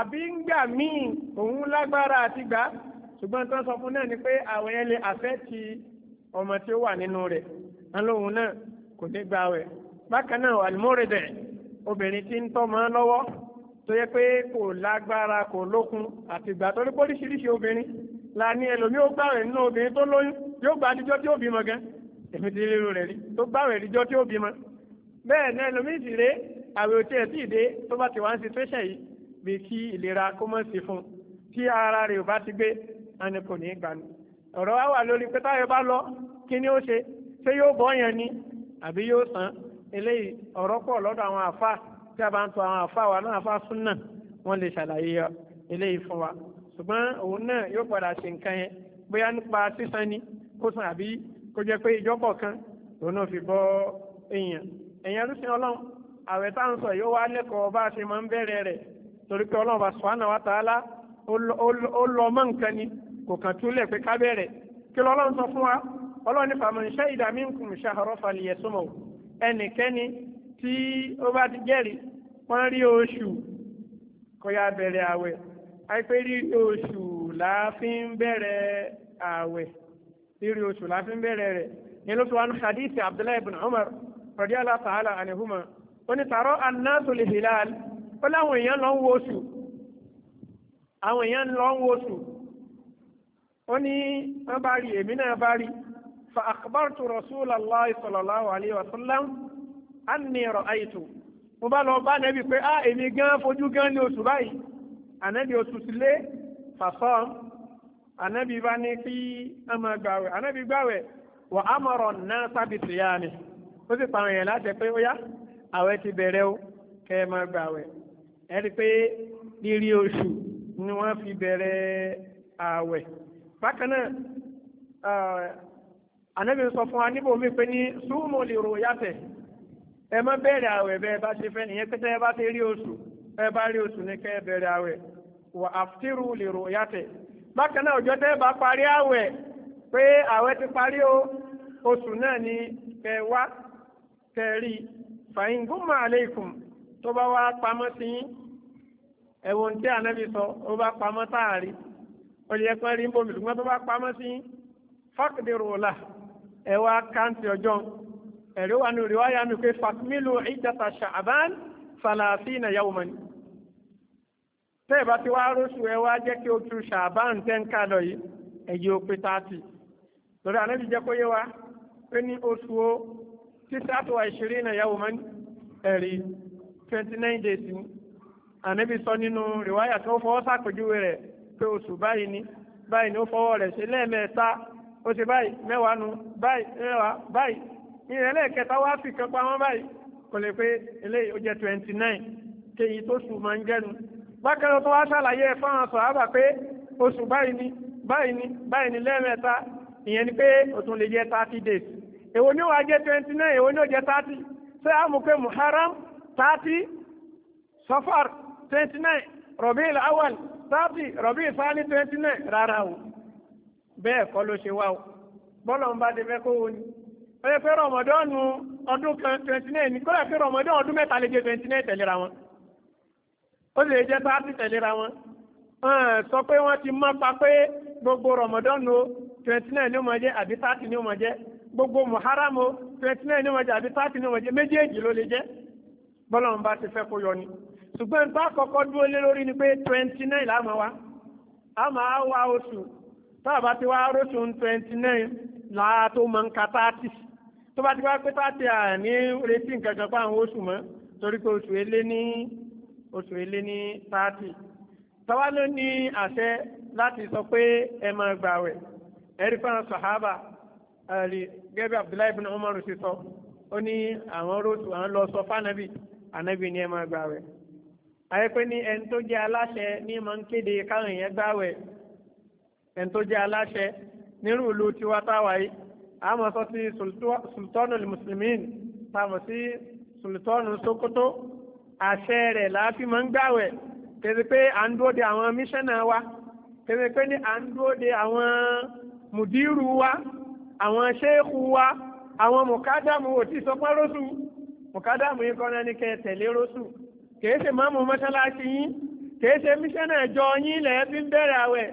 Speaker 1: àbí ń gbà míì òun lágbára àti gbà ṣùgbọ́n tó ń sọ fún náà ni pé àwọn yẹn lè àfẹ́ ti ọmọ tí ó wà nínú rẹ̀ alóhun náà kò ní gbàwẹ̀ bákan náà àlùmọ́rẹ̀dẹ̀ obìnrin tí ń tọ́mọ lọ́wọ́ tó yẹ pé kò lágbára kò lókun àti gbà torí pé obìnrin la ní ẹlòmíì ó gbàwẹ̀ nínú obìnrin tó lóyún yóò gbà níjọ́ tí ó bímọ gan èmi ti rí irú rẹ̀ rí tó gbàwẹ̀ níjọ́ tí ó bímọ bẹ́ẹ̀ ni ẹlòmíì sì rèé àwẹ̀ òtí ẹ̀ tí ì dé tó bá ti wá ń situation yìí bí kí ìlera kó mọ̀ sí fún tí ara rẹ̀ ò bá ti gbé ẹni kò ní í gbani. ọ̀rọ̀ wa wà lórí pé táyọ̀ bá lọ kí ni ó ṣe ṣé yóò bọ́ yẹn ni àbí yóò sàn eléyìí ọ̀rọ̀ pọ̀ lọ́dọ̀ àwọn àfa tí a bá ń tọ̀ àwọn àfa wa náà àfa súnà wọ́n lè ṣàlàyé eléyìí fún wa ṣùgbọ́n òun náà yóò padà ṣe nǹkan yẹn bóyá nípa sísan ni kó sàn àbí kó jẹ́ pé ìjọ́pọ̀ kan òun náà fi bọ́ èèyàn èèyàn ló sin ọlọ́run àwẹ̀ tá à ń sọ yóò wá lẹ́kọ̀ọ́ bá a ṣe máa ń bẹ̀rẹ̀ rẹ̀ torí pé ọlọ́run bá sùn àwọn àtàlá ó lọ mọ́ nǹkan ni kò kàn túlẹ̀ pé ká bẹ̀rẹ̀ kí lọ́lọ́run sọ fún wa ọlọ́run ní faman shahida minkum shahra falyasumhu ẹnikẹ́ni tí ó bá ti jẹ́rìí wọ́n rí oṣù kó yá bẹ̀rẹ̀ àwẹ̀ àìpé rírí oṣù láàfin bẹ̀rẹ̀ àwẹ̀ rírí oṣù láàfin bẹ̀rẹ̀ rẹ̀ yẹn ló fi wá ní abdullahi ibn umar radiyallahu ta'ala anihuma onítàrọ́ anásòlè hilal ó láwọn èèyàn lọ ń wo oṣù àwọn èèyàn lọ ń wo oṣù ó ní wọ́n bá rí èmi náà bá rí fa akhbartu rasulallahi sallallahu alayhi wa sallam anni ra'aytu mo bá lọ bá nẹ́bí pé á ah, èmi gan fojú gan ní oṣù báyìí ànẹ́bí oṣù ti lé fàṣọ bá ní kí ọmọ gbàwẹ̀ ànẹ́bí gbàwẹ̀ wà á mọ̀rọ̀ náà sábìtì yá ni ó sì pàrọ̀ yẹn láti pé ó yá àwẹ̀ ti bẹ̀rẹ̀ o kẹ́ ẹ máa gbà wẹ̀ ẹ rí i pé rírí oṣù ni wọ́n fi bẹ̀rẹ̀ àwẹ̀ bákan náà ànábì sọ fún wa níbo mi pé ní súnmọ́ lè rò yàtẹ̀ ẹ má bẹ̀rẹ̀ àwẹ̀ bẹ́ẹ̀ bá ṣe fẹ́ nìyẹn pé ẹ bá ti rí oṣù ẹ bá rí oṣù ni kẹ́ ẹ bẹ̀rẹ̀ àwẹ̀ wà àfitìrù lè rò yàtẹ̀ bákan náà ọjọ́ tẹ́ bá parí àwẹ̀ pé àwẹ̀ ti parí o oṣù náà ni kẹ́ wá kẹ́ rí i fàyín gúnmọ̀ àlékún tó bá wá pamọ́ sí yín ẹ̀wọ̀n tí ànábì sọ ó bá pamọ́ táàrí ó yẹ kán rí bómi ṣùgbọ́n tó bá pamọ́ sí yín fọ́kìdìrò ọ̀la ẹ wá káǹtì ọjọ́ ẹ̀rí wà ní ìrìwáyà mi pé fàkímílù ìjàta ṣàbán fàlàfínà yawman tẹ́ ẹ̀ bá ti wá róṣù ẹ wá jẹ́ kí o tu ṣàbán tẹ́ ń ká lọ yìí ẹ̀yẹ ó pé táàtì lórí ànábì jẹ́ kó yé wa pé ní oṣù tíṣàtò àìṣeré náà yàwó máa ń twenty nine days ni ànábì sọ nínú rìwáyà tó fọwọ́ sàpèjúwe rẹ̀ pé oṣù báyìí ni báyìí ni ó fọwọ́ rẹ̀ ṣe lẹ́ẹ̀mẹ́ta ó ṣe báyìí mẹ́wàá nu báyìí mẹ́wàá báyìí ìrẹ̀lẹ̀ kẹta wá fi kan pa wọ́n báyìí kò lè pé eléyìí ó jẹ́ twenty nine kéyìí tó sùn máa ń jẹ́nu bákan tó wá ṣàlàyé ẹ̀ fáwọn sọ̀hábà pé oṣù báyìí ni báyìí ni báyìí ni lẹ́ẹ̀mẹ́ta ìyẹn ni pé ó lè jẹ́ thirty days èwo ni ó wá jẹ́ twenty nine èwo ni ó jẹ́ thirty ṣé àmùkẹ́ muharram thirty safar twenty nine rọ̀bí awal thirty rọ̀bí sani twenty nine rárá o bẹ́ẹ̀ kọ́ ló ṣe wá o bọ́lọ̀ ń bá débẹ́ kó o ní ó yẹ pé rọmọdọ́ọ̀nù ọdún twenty nine ní kódà pé rọmọdọ́ọ̀nù ọdún mẹ́ta lè jẹ́ twenty nine tẹ̀léra wọn ó lè jẹ́ thirty tẹ̀léra wọn sọ pé wọ́n ti mọ́ pa pé gbogbo rọmọdọ́ọ̀nù twenty nine ni ó mọ̀ jẹ́ àbí thirty ni ó mọ̀ jẹ́ gbogbo muharamu twenty nine ní wọ́n jẹ́ àbí thirty ní wọ́n jẹ́ méjèèjì ló lè jẹ́ bọ́lọ́run bá ti fẹ́ kó yọ ni ṣùgbọ́n bá kọ́kọ́ dúró lé lórí ni pé twenty nine láàmú wa a máa wá oṣù táàbà ti wá róṣù twenty nine làá tó mọ̀ nǹka thirty tó bá ti wá pé thirty àní retí nǹkan pa àwọn oṣù mọ́ torí pé oṣù elé ní oṣù elé ní thirty tọ́wá ló ní àṣẹ láti sọ pé ẹ máa gbàwẹ̀ ẹ̀rí fún àwọn sàhábà Ali gẹ́gẹ́ bí abdullahi ibn umar ṣe sọ ó ní àwọn rótù àwọn lọ sọ fánábì ànábì ni ẹ máa gbà wẹ̀ àyẹ̀pẹ́ ní ẹni tó jẹ́ aláṣẹ ní máa ń kéde káwọn èèyàn gbà wẹ̀ ẹni tó jẹ́ aláṣẹ nírú ìlú tiwa táwa yìí àmọ́ sọ ti sultanu muslimin táwọn sí sultanu sokoto àṣẹ rẹ̀ láàfin máa ń gbà wẹ̀ kèsì pé à ń dúró de àwọn míṣánná wa kèsì pé ní à ń dúró de àwọn mùdírù wa àwọn ṣéèkù wa àwọn mùkádàmù ò tí sọ pé rọ́sù mùkádàmù yìí kọ́ná ní kẹ́ tẹ̀lé rọ́sù kèé ṣe máàmù mọ́ṣáláṣí yín kèé ṣe míṣánná ẹ̀jọ́ yín lẹ́ẹ̀bí ń bẹ̀rẹ̀ àwẹ̀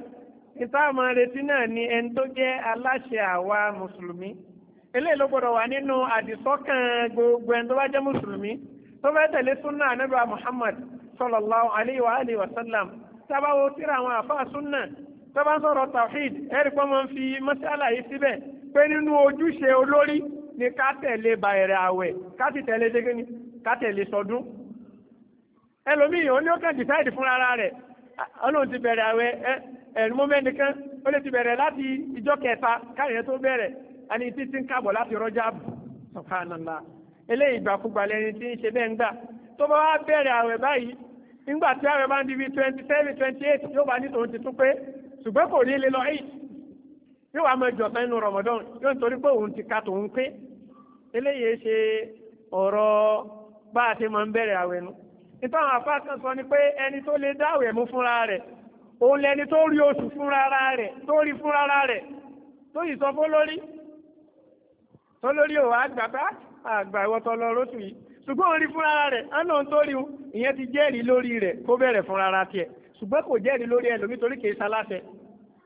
Speaker 1: ìtààmú retí náà ni ẹni tó jẹ́ aláṣẹ àwa mùsùlùmí eléyìí ló gbọdọ̀ wà nínú àdìsọ́kàn gbogbo ẹni tó bá jẹ́ mùsùlùmí tó fẹ́ tẹ̀lé súnà anábà Muhammad sallallahu alayhi wa alayhi wa sallam tábàwọ̀ tíra àwọn àfa súnà tó bá ń sọ̀rọ̀ tawhid ẹ̀rí pọ́ fi mọ́ṣálà síbẹ̀ pé nínú ojúṣe olórí ni ká tẹ̀lé bàẹ̀rẹ̀ àwẹ̀ ká sì tẹ̀lé dégéni ká tẹ̀lé sọdún ẹlòmíì òun ni ó kàn decide fún ara rẹ̀ ọlọ́run ti bẹ̀rẹ̀ àwẹ̀ ẹ̀rù mọ́mẹ́ni kan ó lè ti bẹ̀rẹ̀ láti ìjọ kẹta káyọ̀ tó bẹ̀rẹ̀ àní títí ń kábọ̀ láti rọ́jà bù subhanallah eléyìí ìgbàkúgbà lẹni tí ń ṣe bẹ́ẹ̀ ń gbà tó bá wá bẹ̀rẹ̀ àwẹ̀ báyìí nígbà tí àwẹ̀ bá ń di bíi twenty seven twenty eight yóò bá ti tún pé ṣùgbọ́n kò ní lọ eight yóò wá máa jọ̀sán nínú Ramadan yóò nítorí pé òun ti ka tòun pé eléyìí ṣe ọ̀rọ̀ bá a ṣe máa ń bẹ̀rẹ̀ àwẹ̀ nu nítawọn afá kan sọ ni pé ẹni tó lè dá àwẹ̀ mú fúnra rẹ̀ òun lẹni tó rí oṣù fúnra rẹ̀ tó rí fúnra rẹ̀ tó yìí sọ fún lórí tó lórí òwò àgbàbá ah, àgbà ìwọ́tọ̀ lọ lóṣù yìí ṣùgbọ́n òun rí fúnra rẹ̀ ánà tó rí un ìyẹn ti jẹ́rìí lórí rẹ̀ kó bẹ̀rẹ̀ fúnra tiẹ̀ ṣùgbọ́n kò jẹ́rìí lórí ẹlòmítorí kìí sa láṣẹ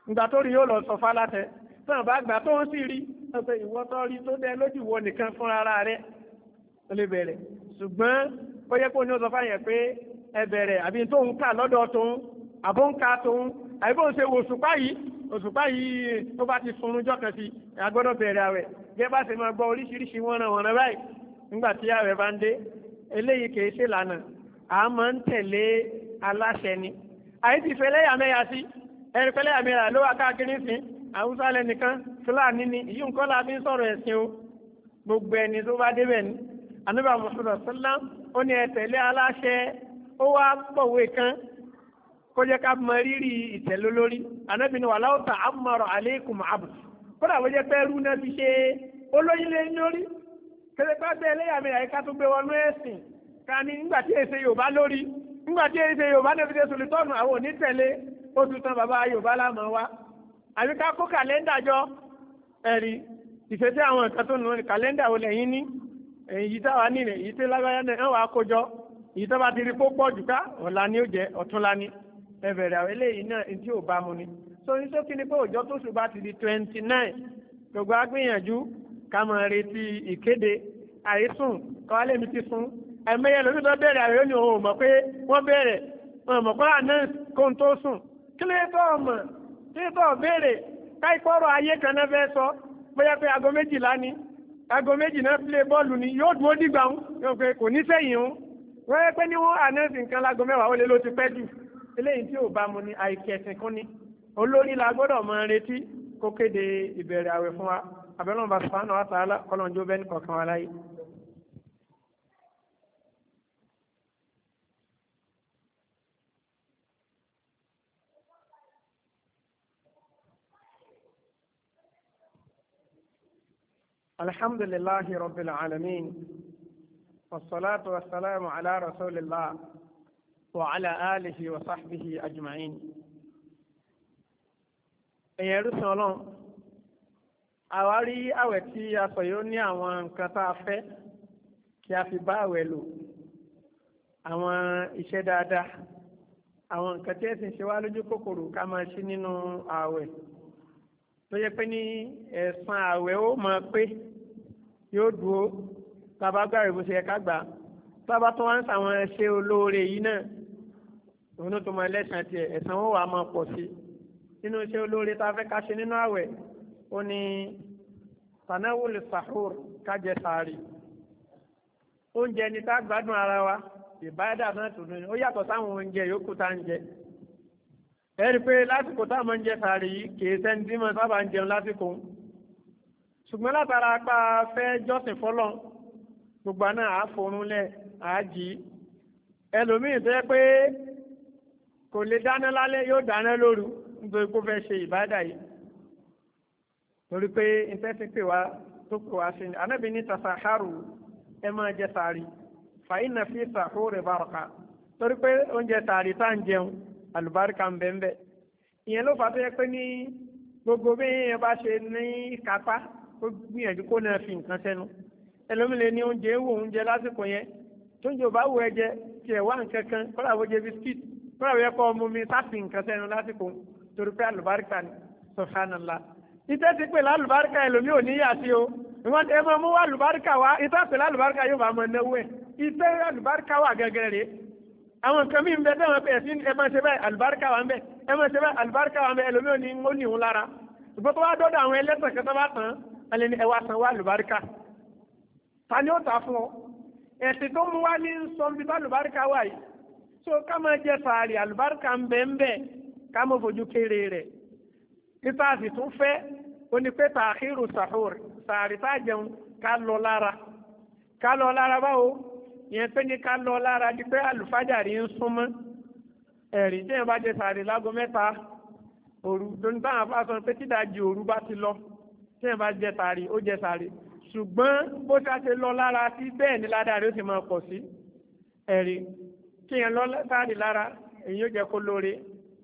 Speaker 1: ìgbà tó rí yóò lọ sọ fá láṣẹ tán bá gbà tó ń sì rí ọ̀sẹ̀ ìwọ tó rí tó dẹ lójú ìwọ nìkan fún ara rẹ tó lè bẹ̀rẹ̀ ṣùgbọ́n ó yẹ kó ní ọ̀sọ̀ fáyẹn pé ẹ bẹ̀rẹ̀ àbí tó ń kà lọ́dọ̀ tóun àbó ń ka tóun àbí bó ń ṣe òṣùpá yìí òṣùpá yìí tó bá ti sunrun jọ́ kan sí agbọ́dọ̀ bẹ̀rẹ̀ àwẹ̀ gẹ́ bá ṣe máa gbọ́ oríṣiríṣi wọ́n ràn wọ́n rán báyìí ń haúsá lẹnìkan fúlàní ni èyí nǹkan la fi ń sọ̀rọ̀ ẹ̀sìn o gbogbo ẹni tó bá débẹ̀ ni anábà mọ̀sọ̀rọ̀ sọ́lá ó ní ẹ tẹ̀lé aláṣẹ ó wá pọ̀wé kan kó jẹ́ ká mọ rírì ìtẹ̀lólórí anábì ni wàhálà ọ̀tà àmọ̀rọ̀ àlékún àbù kódà bó jẹ́ pé ẹrú náà fi ṣe olóyin lé lórí kẹsẹ̀ pé abẹ́ ẹlẹ́yàmẹ̀yà yìí ká tó gbé wọnú ẹ̀sìn ká ní nígbà tí èsè Yorùbá lórí nígbà èsè Yorùbá náà fi ṣe sòlítọ́ọ̀nù àwọn òní ó tún tán bàbá Yorùbá láàmú wa àbí ká kó kàlẹ́ndà jọ ẹ̀rí ìfẹ́sẹ́ àwọn nǹkan tó nù kàlẹ́ndà wo lẹ́yìn ní èyí táwa nílẹ̀ èyí tó lágbáyá náà wàá kó jọ èyí tó bá ti rí pópọ̀ jù ká ọ̀la ni ó jẹ ọ̀túnla ni ẹ̀bẹ̀rẹ̀ àwọn eléyìí náà ní tí ò bá mu ni so ní sókè ni pé òjò tó ṣùgbọ́n ti di twenty nine gbogbo agbìyànjú ká máa retí ìkéde àìsùn kọ́wálé mi ti sùn ẹ̀mẹ́yẹ lórí tó bẹ̀rẹ̀ àwọn ènìyàn ò mọ̀ pé wọ́n bẹ̀rẹ̀ wọn mọ̀ pé àná kóhun tó sùn kí tó ọmọ títọ̀ béèrè káìkọ́rọ̀ ayé kan náà fẹ́ sọ bóyá pé aago méjìlá ni aago méjì náà play bọ́ọ̀lù ni yóò dúró dìgbà ń yóò pé kò ní sẹ́yìn ń wọ́n yẹ pé ní wọ́n ànẹ́sì nǹkan láago mẹ́wàá ó lé ló ti pẹ́ jù eléyìí tí ò bá mu ni àìkẹsìn kún ni olórí la gbọ́dọ̀ mọ retí kó kéde ìbẹ̀rẹ̀ àwẹ̀ fún wa àbẹ̀lọ́mọba sùpánù wa tààlà kọ́lọ́njó bẹ́ẹ̀ ní kọ̀ọ̀kan wa láyé. الحمد لله رب العالمين والصلاة والسلام على رسول الله وعلى آله وصحبه أجمعين ẹ̀yẹ̀ rúṣin ọlọ́run àwárí àwẹ̀ tí a sọ yóò ní àwọn nǹkan tá a fẹ́ kí a fi bá àwẹ̀ lò àwọn iṣẹ́ dáadáa àwọn nǹkan tí ẹ̀sìn ṣe wá lójú kòkòrò ká máa ṣí nínú àwẹ̀ tó yẹ pé ní ẹ̀san àwẹ̀ ó máa pé yóò dúró tába gbà rẹ̀ bó ṣe yẹ ká gbà tába tó wá ń sàwọn ẹṣẹ́ olóore yìí náà òun tó mọ ẹlẹ́sàn tiẹ̀ ẹ̀sán ó wàá máa pọ̀ sí nínú iṣẹ́ olóore tá a fẹ́ ká ṣe nínú àwẹ̀ ó ní tanawul sahur kájẹ sàárì oúnjẹ ni tá a gbádùn ara wa ìbáyàdà náà tó ní ó yàtọ̀ sáwọn oúnjẹ yòókù tá à ń jẹ ẹ̀rí pé lásìkò tá a máa ń jẹ sàárì yìí kì í sẹ́ni tí mo sábà ń jẹun lásìkò ń ṣùgbọ́n látara apá fẹ́ jọ́sìn fọlọ́n gbogbo àná àforúnlẹ̀ àájì ẹlòmíì tó yẹ pé kò lè dáná lálẹ́ yóò dáná lóru nítorí kó fẹ́ ṣe ìbádà yìí torí pé ìtẹ́sí pè wá tó pè wá sí ni anábì ní tasaharu ẹ máa jẹ sàárì fàyín náà fi sàhóore bàrọ̀kà torí pé oúnjẹ sàárì tá à ń jẹun àlùbáríkà ń bẹ́ẹ̀ bẹ́ẹ̀ ìyẹn ló fà tó yẹ pé ní gbogbo bí yẹn bá ṣe ní kápá kó gbìyànjú kó náà fi nǹkan sẹ́nu ẹlòmílẹ̀ ní oúnjẹ wò oúnjẹ lásìkò yẹn tó ń jò bá wò ẹjẹ tiẹ̀ wá nǹkan kan kọ́lá wo jẹ bisikíìtì kọ́lá wo yẹ kọ́ ọmọ mi sáfì nǹkan sẹ́nu lásìkò torí pé àlùbáríkà ni sọ̀hánàlá ìtẹ́ ti pè lálùbáríkà ẹlòmí ò níyà sí o ìwọ́n tẹ́ mọ́ mú wá àlùbáríkà wá ìtẹ́ pè lálùbáríkà yóò bá mọ náwó ẹ̀ ìtẹ́ àlùbáríkà wà gẹ́gẹ́ rèé àwọn nǹkan mí bẹ bẹ́ẹ̀ pẹ̀ sí ẹ máa ṣe bẹ́ẹ̀ àlùbáríkà wà ń bẹ ẹ máa ṣe bẹ́ẹ̀ àlùbáríkà wà ń bẹ ẹlòmí ò ní ń lára ṣùgbọ́n tó dọ́dọ̀ àwọn ẹlẹ́sàn kan bá tán wọ́n lé ní ẹwà san wá lùbáríkà ta ni ó ta fún ọ ẹ̀sìn tó mú wá ní sọ́nbí bá lùbáríkà wà yìí so ká máa jẹ sàárì àlùbáríkà ń bẹ ń bẹ ká máa fojú kéré rẹ̀ títà sì tún fẹ́ oní pé tààkírù sàhùr sàárì tá a jẹun ká lọ lára ká lọ lára báwo ìyẹn pé ní ká lọ lára di pé àlùfájàrí ń súnmọ́ ẹ̀rí tí yẹn bá jẹ sàárì lágo mẹ́ta òru tó ní táwọn afáàsọ pé tídàájì òru bá ti lọ tí ẹ bá jẹ sáré ó jẹ sáré ṣùgbọ́n bó ṣá ṣe lọ lára sí bẹ́ẹ̀ ni ládàrí ó sì máa pọ̀ sí ẹ̀rí kí yẹn lọ sáré lára èyí ó jẹ kó lóore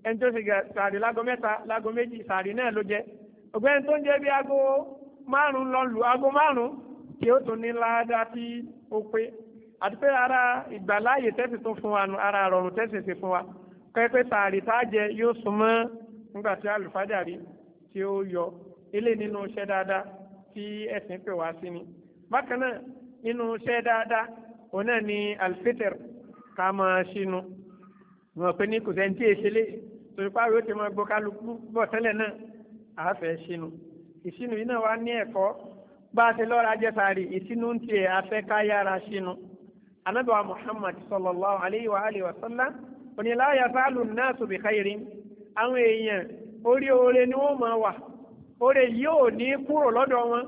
Speaker 1: ẹni tó ṣe sáré lágo mẹ́ta lágo méjì sáré náà ló jẹ ọ̀gbẹ́ni tó ń jẹ bí aago márùn-ún lọ lù aago márùn-ún kí ó tún ní ládàá tí ó pé àti pé ara ìgbàláàyè tẹ́sí tó fún wa nu ara àrọ̀rùn tẹ́sí sí fún wa pẹ́pẹ́ sáré tá a jẹ yóò súnmọ́ nígbà tí àlùfáàjà rí tí ó yọ ilé nínú iṣẹ́ dáadáa tí ẹ̀sìn pè wá sí ni bákan náà nínú iṣẹ́ dáadáa òun náà ni alfitr ká máa ṣínú wọn pe ní kò sẹ́ni tí èṣe lé torí pàrọ ó ti máa gbọ́ kálukú bọ̀ tẹ́lẹ̀ náà àáfẹ́ ṣínú ìṣínú yìí náà wá ní ẹ̀kọ́ bá a ṣe lọ́ra jẹ́sàárì ìṣínú ń tiẹ̀ afẹ́ ká yára ṣínú anábàá muhammad sallallahu alayhi wa alayhi wa sallam oníláyà sálù náà sùbìkáyìrín àwọn èèyàn orí oore ni wọ́n máa wà oore yìí ò ní kúrò lọ́dọ̀ wọn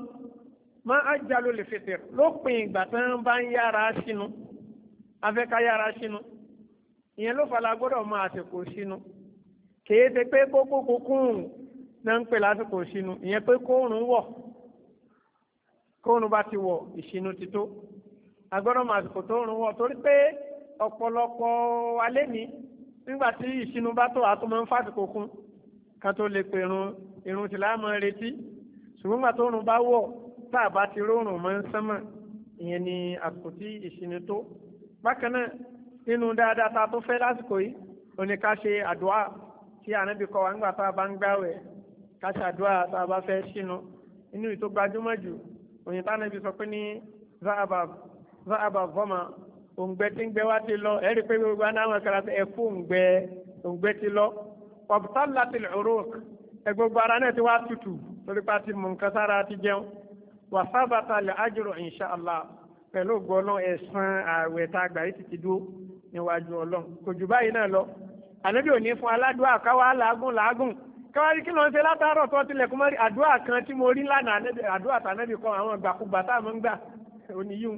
Speaker 1: má àjálù lè fètè lópin ìgbà tí wọ́n bá ń yára sínú afẹ́ká yára sínú ìyẹn ló fara gbọ́dọ̀ mọ àsìkò sínú kèé ṣe pé kókó kúkúrùn náà ń pè lásìkò sínú ìyẹn pé kóòrùn wọ̀ kóòrùn bá ti wọ̀ ìsinú ti tó agbọ́dọ̀ mọ àsìkò tóòrùn wọ̀ torí pé ọ̀pọ̀lọpọ̀ alẹ́ mi nígbà tí ìsinú bá tó àtúmọ̀ ń fàtìkò kún kan tó lè pèrún irun tí láàmú retí ṣùgbọ́n gbà tó rùn bá wọ̀ tá a bá ti rọrùn mọ́ ń sánmọ̀ ìyẹn ni àsìkò tí ìsinmi tó bákan náà nínú dáadáa tá a tó fẹ́ lásìkò yìí ó ní ká ṣe àdúrà tí ànábì kọ́ wa nígbà tá a bá ń gbàwẹ̀ ká ṣe àdúrà tá a bá fẹ́ sínú inú ìtó gbajúmọ̀ jù òyìn tá ànábì sọ pé ní záàbà vọ́mà òǹgbẹ tí ń gbẹ wá ti lọ ẹ̀rí pé gbogbo anáwọn kan ẹ̀fọ́ òǹgbẹ òǹgbẹ ti lọ ọ̀bùtá láti lè ẹgbogbo ara náà ti wá tutù torí pa ti mú nǹkan sára ti jẹun wà sábàtà lè ájúrò insha Allah pẹ̀lú gbọ́lọ́ ẹ̀sán ààwẹ̀ tá a gbà yìí ti ti dúró níwájú ọlọ́run kò jù báyìí náà lọ ànábì òní fún aládùá káwá làágùn làágùn káwárí kí ló ń ṣe látàárọ̀ tó tilẹ̀kùn mọ́rí àdúrà kan tí mo rí lánàá àdúrà tànábì kan àwọn ìgbàkúgbà tá a mọ̀ ń gbà oníyùn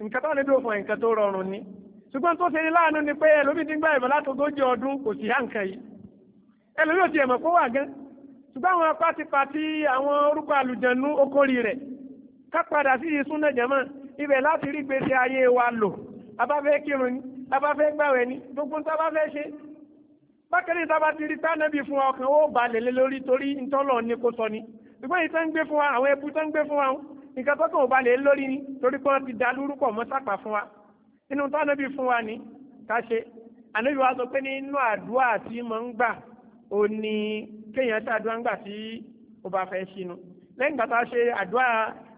Speaker 1: nǹkan tó níbi òfin nǹkan tó rọrùn ni ṣùgbọ́n tó ṣe ní láàánú ni pé ẹlòmídìí gbà ìmọ̀ látogójì ọdún kò sí hàn kan yìí ẹlòmí ò tiẹ̀ mọ̀ kó wà gan ṣùgbọ́n àwọn pátipàti àwọn orúkọ àlùjẹ̀nu okòrì rẹ̀ ká padà sí ìsúná jẹ̀mọ́ ibẹ̀ láti rí gbèsè ayé wa lò abáfẹ́ kírun ni abáfẹ́ gbàwẹ̀ ni gbogbo nǹkan abáfẹ́ ṣe bákẹ́rì sábà ti rí tánàbí fún wa ọkàn ó balẹ̀ lé lórí torí ntọ́lọ̀ ni kò sọ ni ṣùgbọ́n ìtàn ń gbé fún wa àwọn ẹbú tó ń gbé fún wa nǹkan tó kàn ó balẹ̀ lórí ni torí pé wọ́n ti da lórúkọ mọ́ sápà fún wa inú tánàbí fún wa ni ká ṣe àníbi sọ pé nínú àdúrà tí mo ń gbà ó ní kéèyàn ṣàdúrà ńgbà tí ó bá fẹ́ sínú lẹ́yìn gbàtà ṣe àdúrà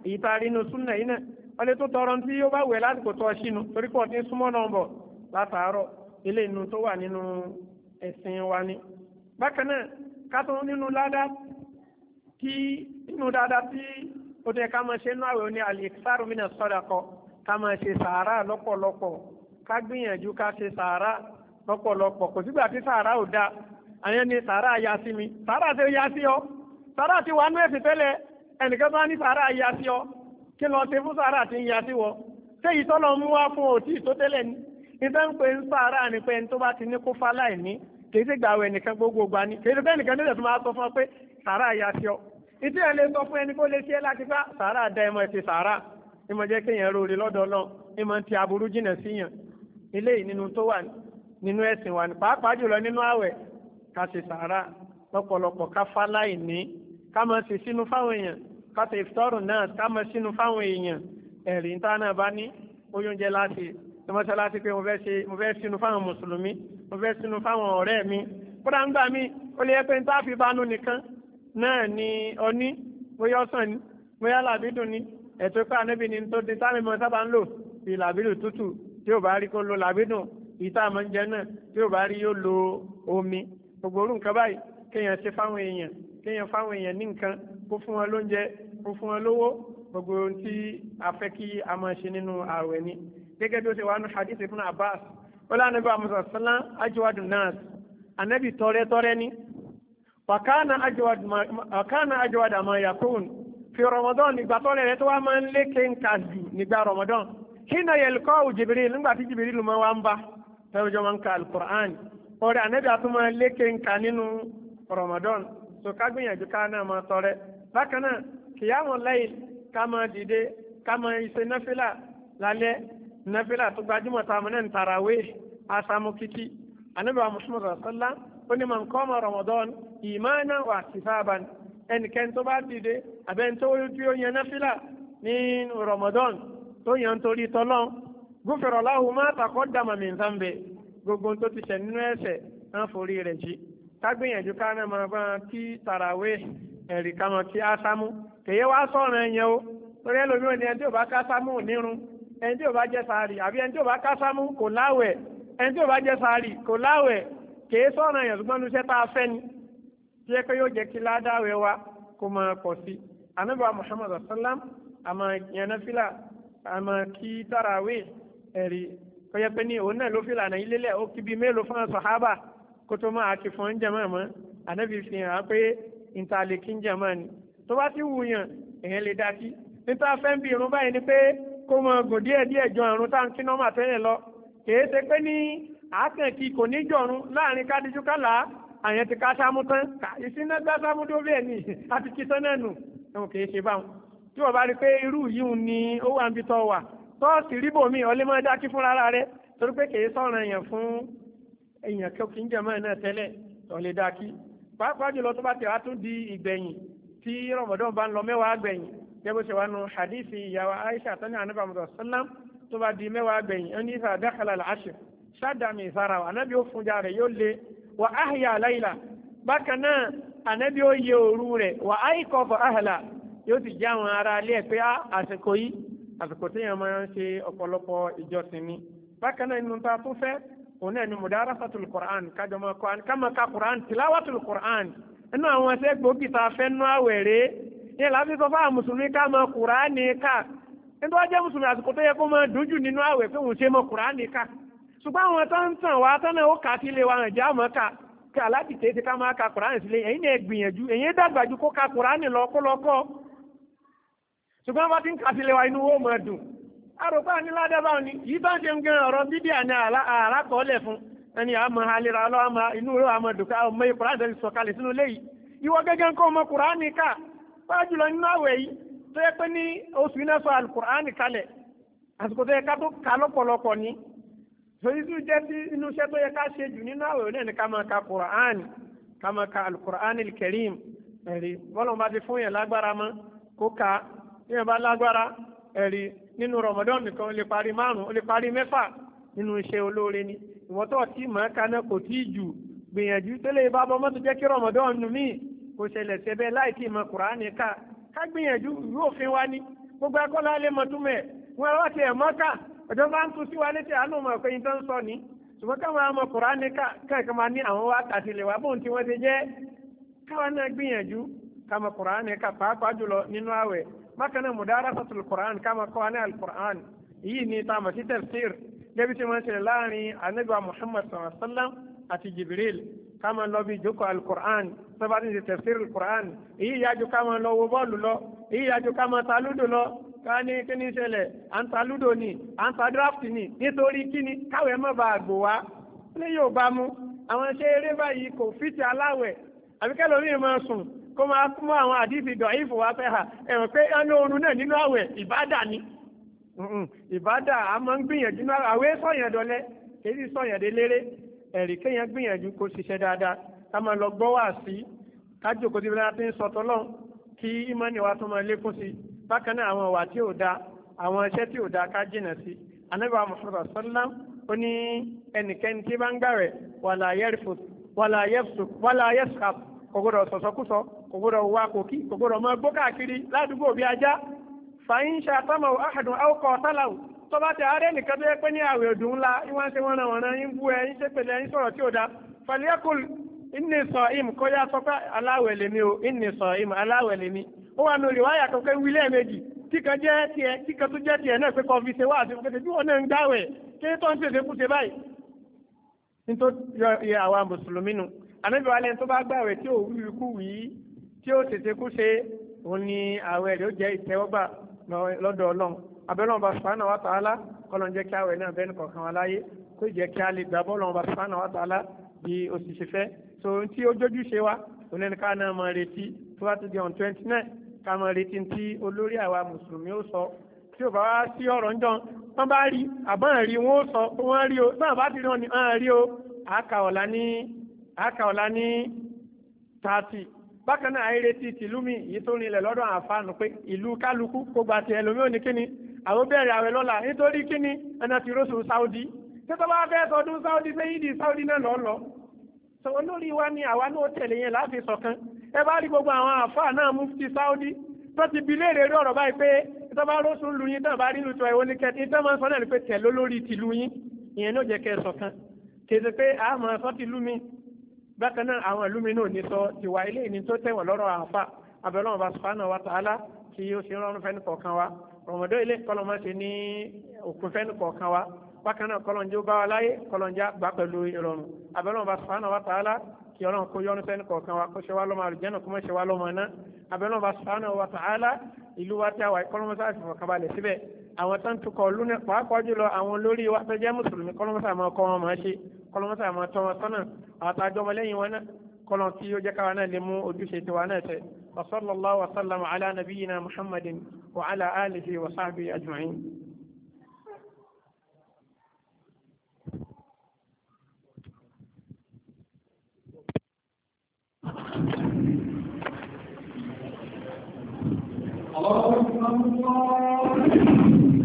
Speaker 1: èyí tá a rí inú súnà yìí náà wọ́n lè tó tọrọ tí ó bá wẹ̀ lásìkò tó sínú torí pọ̀ tí ń súnmọ́ náà bọ̀ látàárọ̀ ilé inú tó wà nínú ẹ̀sìn wa ni. bákan náà ká nínú ládàá tí nínú dáadáa tí ó tẹ ká máa ṣe nínú àwẹ̀ ní al-iktharu mina sadaqa ká máa ṣe sàárà lọ́pọ̀lọpọ̀ ká gbìyànjú ká ṣe sàárà lọ́pọ̀lọpọ̀ kò sígbà tí sàárà ò dáa àyẹn ni sàárà ya sí mi sàárà ti ya sí ọ sàárà ti wà nú ẹ̀sìn tẹ́lẹ̀ ẹnìkan bá ní sàárà ya sí ọ kí lọ ṣe fún sàárà ti ń ya sí wọ ṣé ìtọ́lọ mú wá fún òtí tó tẹ́lẹ̀ ni níta ń pè ń sàárà ni pé ẹni tó bá ti ní kó fá láì ní kì í sì gbà wẹ̀ nìkan gbogbo gbà ní kì í sì pé ẹnìkan nílẹ̀ tó máa sọ fún ọ pé sàárà ya sí ọ ìtí ẹ̀ lè sọ fún ẹni kó lè ṣe é láti gbá sàárà dá ẹ mọ̀ sàárà ìmọ̀ jẹ́ kéèyàn róore lọ́dọ̀ Ọlọ́run ìmọ̀ ti aburú jìnà síyàn eléyìí nínú tó wà nínú ẹ̀sìn wa ní pàápàá jùlọ nínú ààwẹ̀ ká ṣe sàárà lọ́pọ̀lọpọ̀ ká fáláì ní ká máa ṣe sínú fáwọn èèyàn ká ṣe ìfitọ́rùn náà ká máa sínú fáwọn èèyàn ẹ̀rí ń tá náà bá ní oyúnjẹ láti ṣe mọ́ṣáláṣí pé mo fẹ́ sínú fáwọn mùsùlùmí mo fẹ́ sínú fáwọn ọ̀rẹ́ mi kódà ń gbà mí ó lè yẹ pé ń fi bánú nìkan náà ni ọní bóyá ọ̀sán ni bóyá làbídùn ni ẹ̀tọ́ pé ànábì ni tó di táwọn ìmọ̀ sábà ń lò fi làbídùn tútù tí ò bá rí kó lo làbídùn ìta àmọ́ ń náà tí ò bá rí yóò lo omi gbogbo orú nǹkan báyìí kéèyàn ṣe fáwọn èèyàn kéèyàn fáwọn èèyàn ní nǹkan kó fún wọn lóúnjẹ kó fún wọn lówó gbogbo ohun tí a fẹ́ kí a máa ṣe nínú ààwẹ̀ ni gẹ́gẹ́ bí ó ṣe wà nù hadith ibn Abbas wọ́n lánàá bí amusa sálán ajwadu nas anabi tọrẹtọrẹ ni wàkánà ajwadu àmọ́ yakun fi rọmọdán nígbà tọrẹ rẹ tó wá máa ń lé kéńkà jù nígbà rọmọdán hínà yẹlkọ́ jibril nígbà tí jibril mọ́ wá ń bá tẹ́wọ́jọ́ máa ń ka alukur'an ọrẹ ànábì àtúmọ̀ lékè ńkà nínú Ramadan tó ká gbìyànjú ká náà máa tọrẹ bákan náà kìyàmù láyl ká máa dìde ká máa ṣe náfìlà lálẹ́ náfìlà tó gbajúmọ̀ tá a mọ̀ náà ń tàràwé asamukiti ànábì wa Muhammad rasulillah ó ní man qama Ramadan imanan wa ihtisaban ẹnikẹ́ni tó bá dìde àbẹ́ntórí tí ó yan náfìlà nínú Ramadan tó yan torí tọ́lọ́ gufira lahu ma taqaddama min dhanbi gbogbo tó ti ṣẹ̀ nínú ẹ̀ṣẹ̀ náà forí rẹ̀ jì kágbìyànjú ká náà máa bá kí tàràwé ẹ̀rì ká máa kí ásámú kèye wá sọ̀rọ̀ ẹ̀yẹn o torí ẹlòmíràn ni ẹni tí ò bá kásámú ò nírun ẹni tí ò bá jẹ sàárì àbí ẹni tí ò bá kásámú kò láwẹ̀ ẹni tí ò bá jẹ sàárì kò láwẹ̀ kèye sọ̀rọ̀ ẹ̀yẹn ṣùgbọ́n ní iṣẹ́ tá a fẹ́ ni tí ẹ pé yóò jẹ́ kí ládàáwẹ̀ wa kó máa pọ̀ sí i anábàá Muhammad sallam àmọ́ yẹn náà fìlà àmọ́ kí tàràwé ẹ̀rì ó yẹ pé ní òun náà ló fi lànà yìí lélẹ̀ ó kí bíi mélòó fún sàhábà kó tó máa kí fún jàmáà mọ́ ànábì fi hàn pé ìtàlẹ̀ kí jàmáà ni tó bá ti wù yàn èèyàn lè dá sí níta fẹ́ ń bi irun báyìí ni pé kó mọ gùn díẹ̀ díẹ̀ jọ irun tá à ń kí nọ́mà tẹ́lẹ̀ lọ kèé ṣe pé ní àákànkì kò ní jọ̀run láàrin kádíjú kálá àyàn ti ká sámú tán ìsinà gbá sámú tó bẹ́ẹ̀ ni àti *laughs* kí sánà nù ẹ̀wọ̀n kèé ṣe báwọn tí wọ́n bá rí pé irú yìí ni ó wà ń bi wà tọ́ọ̀sì ríbò mi ọ lè máa dákí fún rárá rẹ torí pé kì í sọ̀rọ̀ èèyàn fún èèyàn kí ń jẹ̀mọ́ náà tẹ́lẹ̀ ọ lè dákí pàápàá jùlọ tó bá tẹ̀ wá tún di ìgbẹ̀yìn tí rọ̀mọ̀dọ́n bá ń lọ mẹ́wàá gbẹ̀yìn gẹ́gẹ́ bó ṣe wá nu hadithi ìyàwó Aisha tani anabi amudu sallam tó bá di mẹ́wàá gbẹ̀yìn ẹni ìfà dákàlà làásù sádàmì ìsára wa ó fún jà yóò le wà áhìyà aláìlà bákan náà anabi ó yẹ òru rẹ̀ wà áìkọ̀ọ̀fọ̀ áhàlà yóò ti já àwọn ará alẹ́ pé ah, àsìkò yìí àsìkò téèyàn máa ń ṣe ọ̀pọ̀lọpọ̀ ìjọsìn ni bákan náà nínú ta tó fẹ́ òun náà ni mudarasatul Qur'an kájọ máa kọ́ káma ka Qur'an tilawatul Qur'an inú àwọn ẹsẹ̀ gbòógì tá a fẹ́ nú àwẹ̀rẹ́ yẹn láti sọ fáwọn mùsùlùmí ká máa Qur'an ká nítorí wọ́n jẹ́ mùsùlùmí àsìkò tó yẹ kó máa dùn nínú àwẹ̀ pé òun ṣe mọ Qur'an ká ṣùgbọ́n àwọn tó ń tàn wá tán náà ó kà á sílé wa hàn já mọ́ ká kí aládìtẹ́ ti ká máa ka Qur'an sílé ẹ̀yin náà gbìyànjú ẹ̀yin dàgbà kó ka Qur'an lọ kó lọ kọ́ ṣùgbọ́n bá ti ń kàtìlẹ̀ wa inú owó mọ̀ dùn àròpá ní ládàbà ni yìí bá ń ṣe ń gẹ ọ̀rọ̀ bídíà ní àràkọọ́lẹ̀ fún ẹni àmọ́ alera ọlọ́wọ́ inú rẹ̀ àmọ́ dùkà ọmọ ìkùrá àdẹ́rẹ́ sọ̀kalẹ̀ sínú léyìí ìwọ gẹ́gẹ́ ńkọ́ ọmọ kùránì ká pàjùlọ nínú àwẹ̀ yìí tó yẹ pé ní oṣù iná sọ alukùránì kalẹ̀ àsìkò tó yẹ ká tó kà lọ́pọ̀lọpọ̀ ni torí tó jẹ́ sí inú iṣẹ́ tó yẹ ká ṣe jù nínú àwẹ̀ náà ni ká ní ẹ̀ bá lágbára ẹ̀rí nínú Ramadan nìkan ó lè parí márùn-ún ó lè parí mẹ́fà nínú iṣẹ́ olóore ni ìwọ́n tó ti mọ̀ ẹ́ kaná kò tí ì jù gbìyànjú tẹ́lẹ̀ bá bọ́ mọ́tò jẹ́ kí Ramadan nù míì kò ṣẹlẹ̀ sẹ́bẹ̀ láì tí ì mọ̀ Kùránì ká ká gbìyànjú ìlú òfin wa ni gbogbo akọ́lá lè mọ túmẹ̀ wọn wá ti ẹ̀ mọ́ ká ọjọ́ bá ń tu sí wa létí àánú mọ̀ pé nǹkan sọ ni ṣùgbọ́n káwọn ọmọ Kùránì ká kẹ́kẹ́ máa ní àwọn wá tàtìlẹ̀ wá bóun tí wọ́n ti jẹ́ káwọn náà gbìyànjú ká mọ̀ Kùránì pàápàá jùlọ nínú àwẹ̀ bákan náà mudarasatul Qur'an ká máa kọ́ wa ní al-Qur'an yìí ni tá a mọ̀ sí tafsir gẹ́bí tí wọ́n ń ṣẹlẹ̀ láàrin anagba Muhammad sallallahu alaihi wa sallam àti Jibril ká máa lọ bí ìjókòó al-Qur'an sábà ní tafsir al-Qur'an èyí yájú ká máa lọ wo bọ́ọ̀lù lọ èyí yájú ká máa ta lúdò lọ ká ní kí ní ṣẹlẹ̀ ta lúdò ni à ń ta draft ni nítorí kí ni káwé má bàa gbò wá ní yóò bá mú àwọn ṣe eré báyìí kò fìtì aláwẹ̀ àbíkẹ́ kó máa mú àwọn àdìsí dọ̀yìn fún wa fẹ́ hà ẹ̀rọ pé ẹnu oorun náà nínú àwẹ̀ ìbádà ni ìbádà a máa ń gbìyànjú náà àwẹ̀ sọ̀yàn dọ̀lẹ́ kèsì sọ̀yàn dé léré ẹ̀rí kéèyàn gbìyànjú kó ṣiṣẹ́ dáadáa ká máa lọ gbọ́ wà sí kájòkó tí wọ́n ti ń sọ tọ́lọ́ kí ìmọ̀ni wa tó máa lékún sí bákan náà àwọn ìwà tí ò da àwọn iṣẹ́ tí ò da ká jìnà sí anábàá Muhammad sallam ó ní ẹnikẹ́ni tí bá ń gbà rẹ̀ wàlà yẹ́rìfò wàlà yẹ́fùsùk kò gbọ́dọ̀ wá kòkí kò gbọ́dọ̀ mọ gbó káàkiri ládùúgbò bí ajá fàyín ṣe àtọ́mọ̀ àhàdùn àwòkọ́ ọ̀tọ́làwò tó bá ti àárẹ̀ nìkan tó yẹ pé ní àwẹ̀ òdùn ńlá ìwọ̀n ṣe wọ́n wọ̀nà yín bú ẹ yín ṣe pèlè yín sọ̀rọ̀ tí ò da fàlẹ́kùl ìní sọ im kó yá sọ pé aláwẹ̀ lèmi o ìní sọ im aláwẹ̀ lèmi ó wà nù rìwáyà kan pé wílẹ̀ méjì kíkan jẹ́ tiẹ̀ kíkan tó jẹ́ tiẹ̀ náà pé kọ́ fi ṣe wá àti òkèdè bí wọ́n náà ń gbáwẹ̀ kí tí ó tètè kú ṣe òun ni àwẹ̀ rẹ̀ ó jẹ́ ìtẹ́wọ́gbà lọ́dọ̀ ọlọ́run abẹ́lẹ́ ọba sùpánà wa tààlà kọ́lọ́n jẹ́ kí àwẹ̀ náà bẹ́ẹ̀ nìkọ̀ọ̀kan wa láyé kó jẹ́ kí a lè gbà bọ́ọ̀lù ọba sùpánà wa tààlà bí ó sì ṣe fẹ́ so ohun tí ó jójú ṣe wa òun ẹni ká náà máa retí tó bá ti di on twenty nine ká máa retí tí olórí àwa mùsùlùmí ó sọ tí ò bá wá sí ọ̀rọ̀ ń dán wọ́n bá rí àbọ̀ rí wọ́n sọ wọ́n rí o náà bá ti rí wọn ni wọ́n rí o àkà ọ̀la ní àkà ní thirty bákan náà àìretí tìlú mi yìí tó rinlẹ̀ lọ́dọ̀ àǹfààní pé ìlú kálukú kó gba tiẹ̀ lómi ò ní kíni àwọn bẹ̀rẹ̀ àwẹ̀ lọ́la nítorí kíni ẹ̀nà ti rọ́ṣù Saudi tẹ́tọ́ bá fẹ́ sọdún Saudi pé yídi Saudi náà lọ́ lọ. sọ olórí wa ni àwa náà tẹ̀lé yẹn láti sọ̀kan ẹ bá rí gbogbo àwọn àǹfààní náà mufti Saudi tó ti bi léèrè rí ọ̀rọ̀ báyìí pé tọ́ bá rọ́ṣù lu yín tán bá rí lùtọ́ ẹ̀wọ́ ní kẹ́tì tán máa ń sọ bákan náà àwọn ìlú mi náà ní sọ tiwa ilé ìní tó tẹ̀wọ̀n lọ́rọ̀ àfa abẹ́lọ́wọ̀n bá subhanahu wa ta'ala tí ó ṣe rọrùn fẹ́ni kọ̀ọ̀kan wa rọ̀mọ̀dọ́ ilé kọlọ́mọ ṣe ní òkun fẹ́ni kọ̀ọ̀kan wa bákan náà kọlọ́njẹ́ ó bá wa láyé kọlọ́njẹ́ àgbà pẹ̀lú ìrọ̀rùn abẹ́lọ́wọ̀n bá subhanahu wa ta'ala kí ọlọ́run kó yọ́nú fẹ́ni kọ̀ọ̀kan wa kó ṣe wá lọ́mọ àlùjẹ́nà kó mọ̀ ṣe wá lọ́mọ náà abẹ́lọ́wọ̀n bá subhanahu wa ta'ala ìlú wa tí a wà kọ́lọ́mọ́sá fi fọ̀kàbalẹ̀ síbẹ̀ àwọn tó ń tukọ̀ lúnẹ̀ pàápàá jùlọ àwọn olórí wa tó jẹ́ mùsùlùmí kọ́lọ́mọ́sá máa kọ́ wọn máa ṣe kọlọmọsà àmọ tọwọ sọnà àtàjọ ọmọlẹ́yìn wọn náà kọlọm tí yóò jẹ káwa náà lè mú ojúṣe tiwa náà tẹ wa sallallahu wa sallam ala nabiyina muhammadin wa ala alihi wa sahbihi ajma'in. الله الله